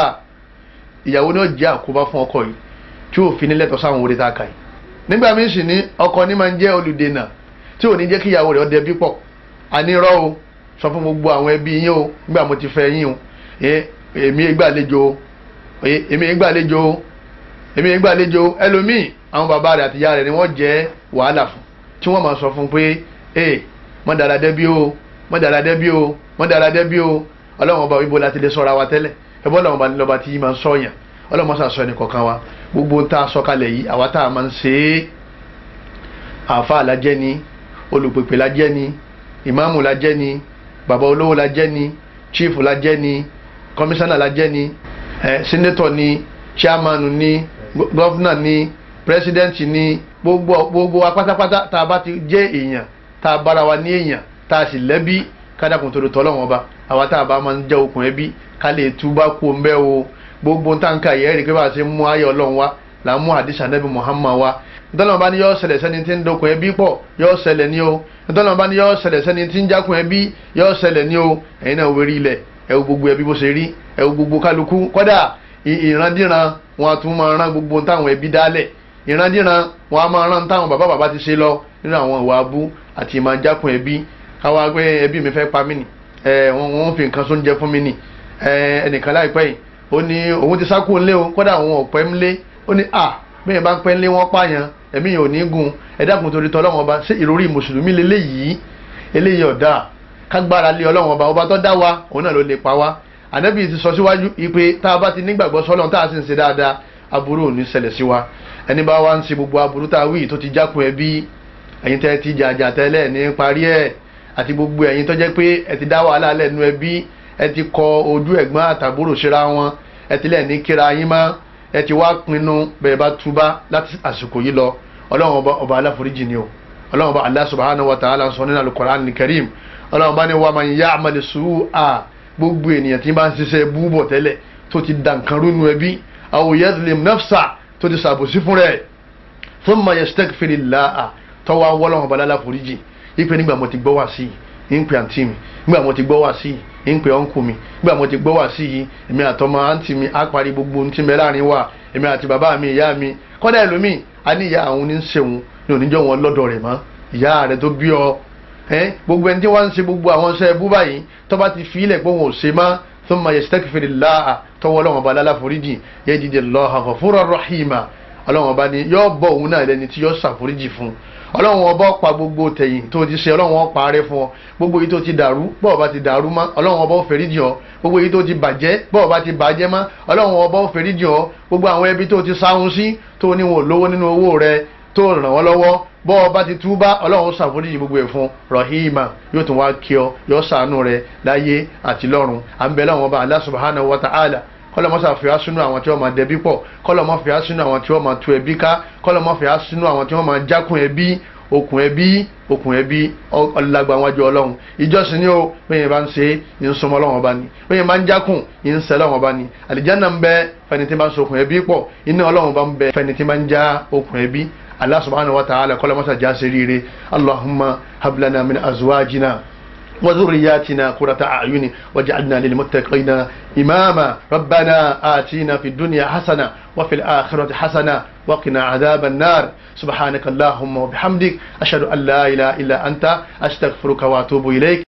ìyàwó ni ó jẹ́ àkóbá fún ọkọ yìí tí ò fi ní lẹ́tọ̀ọ́ sáwọn orí tá a kà yìí nígbà míì sì ni ọkọ ní máa ń jẹ́ olùdènà tí ò ní jẹ́ kí ìyàwó rẹ̀ ọdẹ bí pọ̀ ànírọ́ o sọ fún gbogbo àwọn ẹbí yín o nígbà mo ti fẹ́ yín o èmi ìgbàlejò èmi ìgbàlejò èmi ìgbàlejò ẹlòmíì àwọn bàbá rẹ̀ àtìyá rẹ̀ ni wọ́n jẹ́ wàhálà fún tí wọ́n máa sọ fún pé ee mọ dára dẹ́bí o mọ dára dẹ́bí o mọ dára dẹ́bí o ọlọ́run ọba òyìnbó láti lè sọ́ra wa tẹ́lẹ̀ ẹbọ lọ́wọ́ bá ní lọ́ba tí yìí máa ń sọ̀yàn ọlọ́mọ sàṣọ ẹni kọ̀ọ̀kan wa gbogbo tá a sọ̀kalẹ̀ yìí àwa tá a máa ń ṣe é àfa lajẹ́ ni olùpèpè lajẹ́ ni ìmáàmù lajẹ́ ni bàbá olówó lajẹ́ ni chiefu lajẹ́ ni kọmísánná lajẹ́ ni ẹ sínétọ̀ ni chairmanu ni gọ́fúnà ni pírẹsidẹ́ǹtì ni gbogbo gbogbo wa tá a bá ti jẹ́ èèyàn tá a bára wa ní èèyàn tá a sì lẹ́bí kádàkùn tó tọ́ lọ́wọ́n ọba àwa tá a bá máa ń jẹ́ okùn ẹbí ká lè túbá kú ń bẹ́ o gbogbo táǹkà yẹ́ rí pé bá a ṣe mú ayé ọlọ́run wá là ń mú àdìsá nẹ́bí Muhammad wá ntọ́lọ́mọ bá ní yọ́ ṣẹlẹ̀ sẹ́ni tí ń dokùn ẹbí pọ̀ ṣẹlẹ̀ o ntọ́lọ́mọ bá ní o ẹ̀yin náà wérí ilẹ̀ gbogbo ẹbí bó ṣe rí gbogbo kálukú kọ́dà ìrandíran wọn tún máa rán gbogbo táwọn ẹbí dálẹ̀ ti ṣe lọ nínú àwọn ìwà abú àti ìmọ̀ jákun ẹbí káwa pé ẹbí mi fẹ́ pa mí nì ẹ wọn wọn fi nǹkan sóúnjẹ fún mi nì ẹ ẹnìkan láìpẹ́ yìí ó ní òun ti sá kúrò nílé o kódà òun ọ̀pẹ́ ń lé ó ní à bẹ́ẹ̀ bá ń pẹ́ ń lé wọ́n pààyàn ẹ̀mí yẹn ò ní gùn ẹ torí tọ́ ọlọ́wọ́n ọba ṣé ìròrí mùsùlùmí leléyìí eléyìí ọ̀dà kágbára lé ọlọ́wọ́n ọba ọba tó dá wa òun náà ló lè pa wa ànábì ti sọ síwájú ipe tá a bá ti nígbàgbọ́ sọ́lọ́n tá a sì ń ṣe dáadáa aburú ò ní ṣẹlẹ̀ sí wa ẹni bá wa ń ṣe gbogbo aburú tá a wí tó ti jákun ẹbí ẹ̀yin tẹ́ ti jàjà tẹ́lẹ̀ ní parí ẹ̀ àti gbogbo ẹ̀yin tó jẹ́ pé ẹ ti dá wàhálà lẹ́nu ẹbí ẹ ti kọ ojú ẹ̀gbọ́n àtàbúrò síra wọn ẹ ti lẹ́ẹ̀ ní kíra yín mọ́ ẹ ti wá pinnu bẹ̀rẹ̀ bá túbá láti àsìkò yìí lọ ọlọ́run ọba ọba aláforíjì ni o ọlọ́run ọba Allah subhanahu wa ta'ala sọ nínú al-Qur'an al-Karim ọlọ́run ọba ni wa man ya'mal su'a gbogbo ènìyàn tí bá ń ṣiṣẹ́ búbọ̀ tẹ́lẹ̀ tó ti dànkan rúnu ẹbí aw yazlim nafsa tó ti ṣàbòsí fún rẹ̀ thumma yastaghfirillah tọ́wọ́ wọ́lọ́run ọba aláforíjì ipe nígbà mo ti gbọ́ wá sí yìí ń àǹtí mi nígbà mo ti gbọ́ wá sí yìí ń pè ọ̀nkù mi nígbà mo ti gbọ́ wá sí yìí èmi àtọmọ àǹtí mi á parí gbogbo ohun tí mẹ láàrin wa èmi àti bàbá mi ìyá mi kọ́dà ẹlòmíì a ní ìyá àwọn oníṣẹ́wọ̀n ní oníjọ́ wọn lọ́dọ̀ rẹ̀ mọ́ ìyá rẹ̀ tó bí ọ gbogbo ẹni tí wọ́n ń ṣe gbogbo àwọn iṣẹ́ ẹbú báyìí tó bá ti fi ilẹ̀ pé wọn ò ṣe má tó máa yẹ sítẹ́kì fèrè láà tọwọ́ ọlọ́wọ́n ọba aláforíjì yẹ jíjẹ lọ́ọ́ àfọ̀fúrọ̀ rọ̀hìmà ọlọ́wọ́n ọba ni yóò bọ̀ òun náà lẹ́ni tí yóò ṣàforíjì fún un ọlọ́run ọba pa gbogbo tẹ̀yìn tó ti ṣe ọlọ́run ọpa rẹ fún ọ gbogbo yìí tó ti dàrú bọ́ ọba ti dàrú mọ́ ọlọ́run ọba òfèrè jì ọ gbogbo yìí tó ti bàjẹ́ bọ́ ọba ti bàjẹ́ mọ́ ọlọ́run ọba òfèrè jì ọ gbogbo àwọn ẹbí tó ti sáhun sí tó ní wọn lówó nínú owó rẹ tó ràn wọ́n lọ́wọ́ bọ́ ọba ti túbá ọlọ́run ṣàforíjì gbogbo ẹ̀ fún rahima yóò tún wá kí ọ yọ ṣàánú rẹ láyé àti lọ́run à ń bẹ lọ́run ọba Allah wa ta'ala kọlọmọ sàfihàn sínú àwọn tí wọn máa dẹbí pọ̀ kọlọmọ fìhàn sínú àwọn tí wọn máa tú ẹbí ká kọlọmọ fìhàn sínú àwọn tí wọn máa jákun ẹbí okùn ẹbí okùn ẹbí ọlágbà wájú Ọlọ́run ìjọsìn ni o bẹyẹn bá ń ṣe ń súnmọ́ Ọlọ́run ọba ni bẹyẹn bá ń jákùn ń sẹ Ọlọ́run ọba ni àlìjáná ń bẹ fẹni tí bá ń so ẹbí pọ̀ iná Ọlọ́run bá ń bẹ fẹni tí bá ń já okùn ẹbí Allah subhanahu wa ta'ala kọlọmọsà já sí rire Allahumma hablana min azwajina. وذرياتنا قرة أعين وجعلنا للمتقين إماما ربنا آتينا في الدنيا حسنة وفي الآخرة حسنة وقنا عذاب النار سبحانك اللهم وبحمدك أشهد أن لا إله إلا أنت أستغفرك وأتوب إليك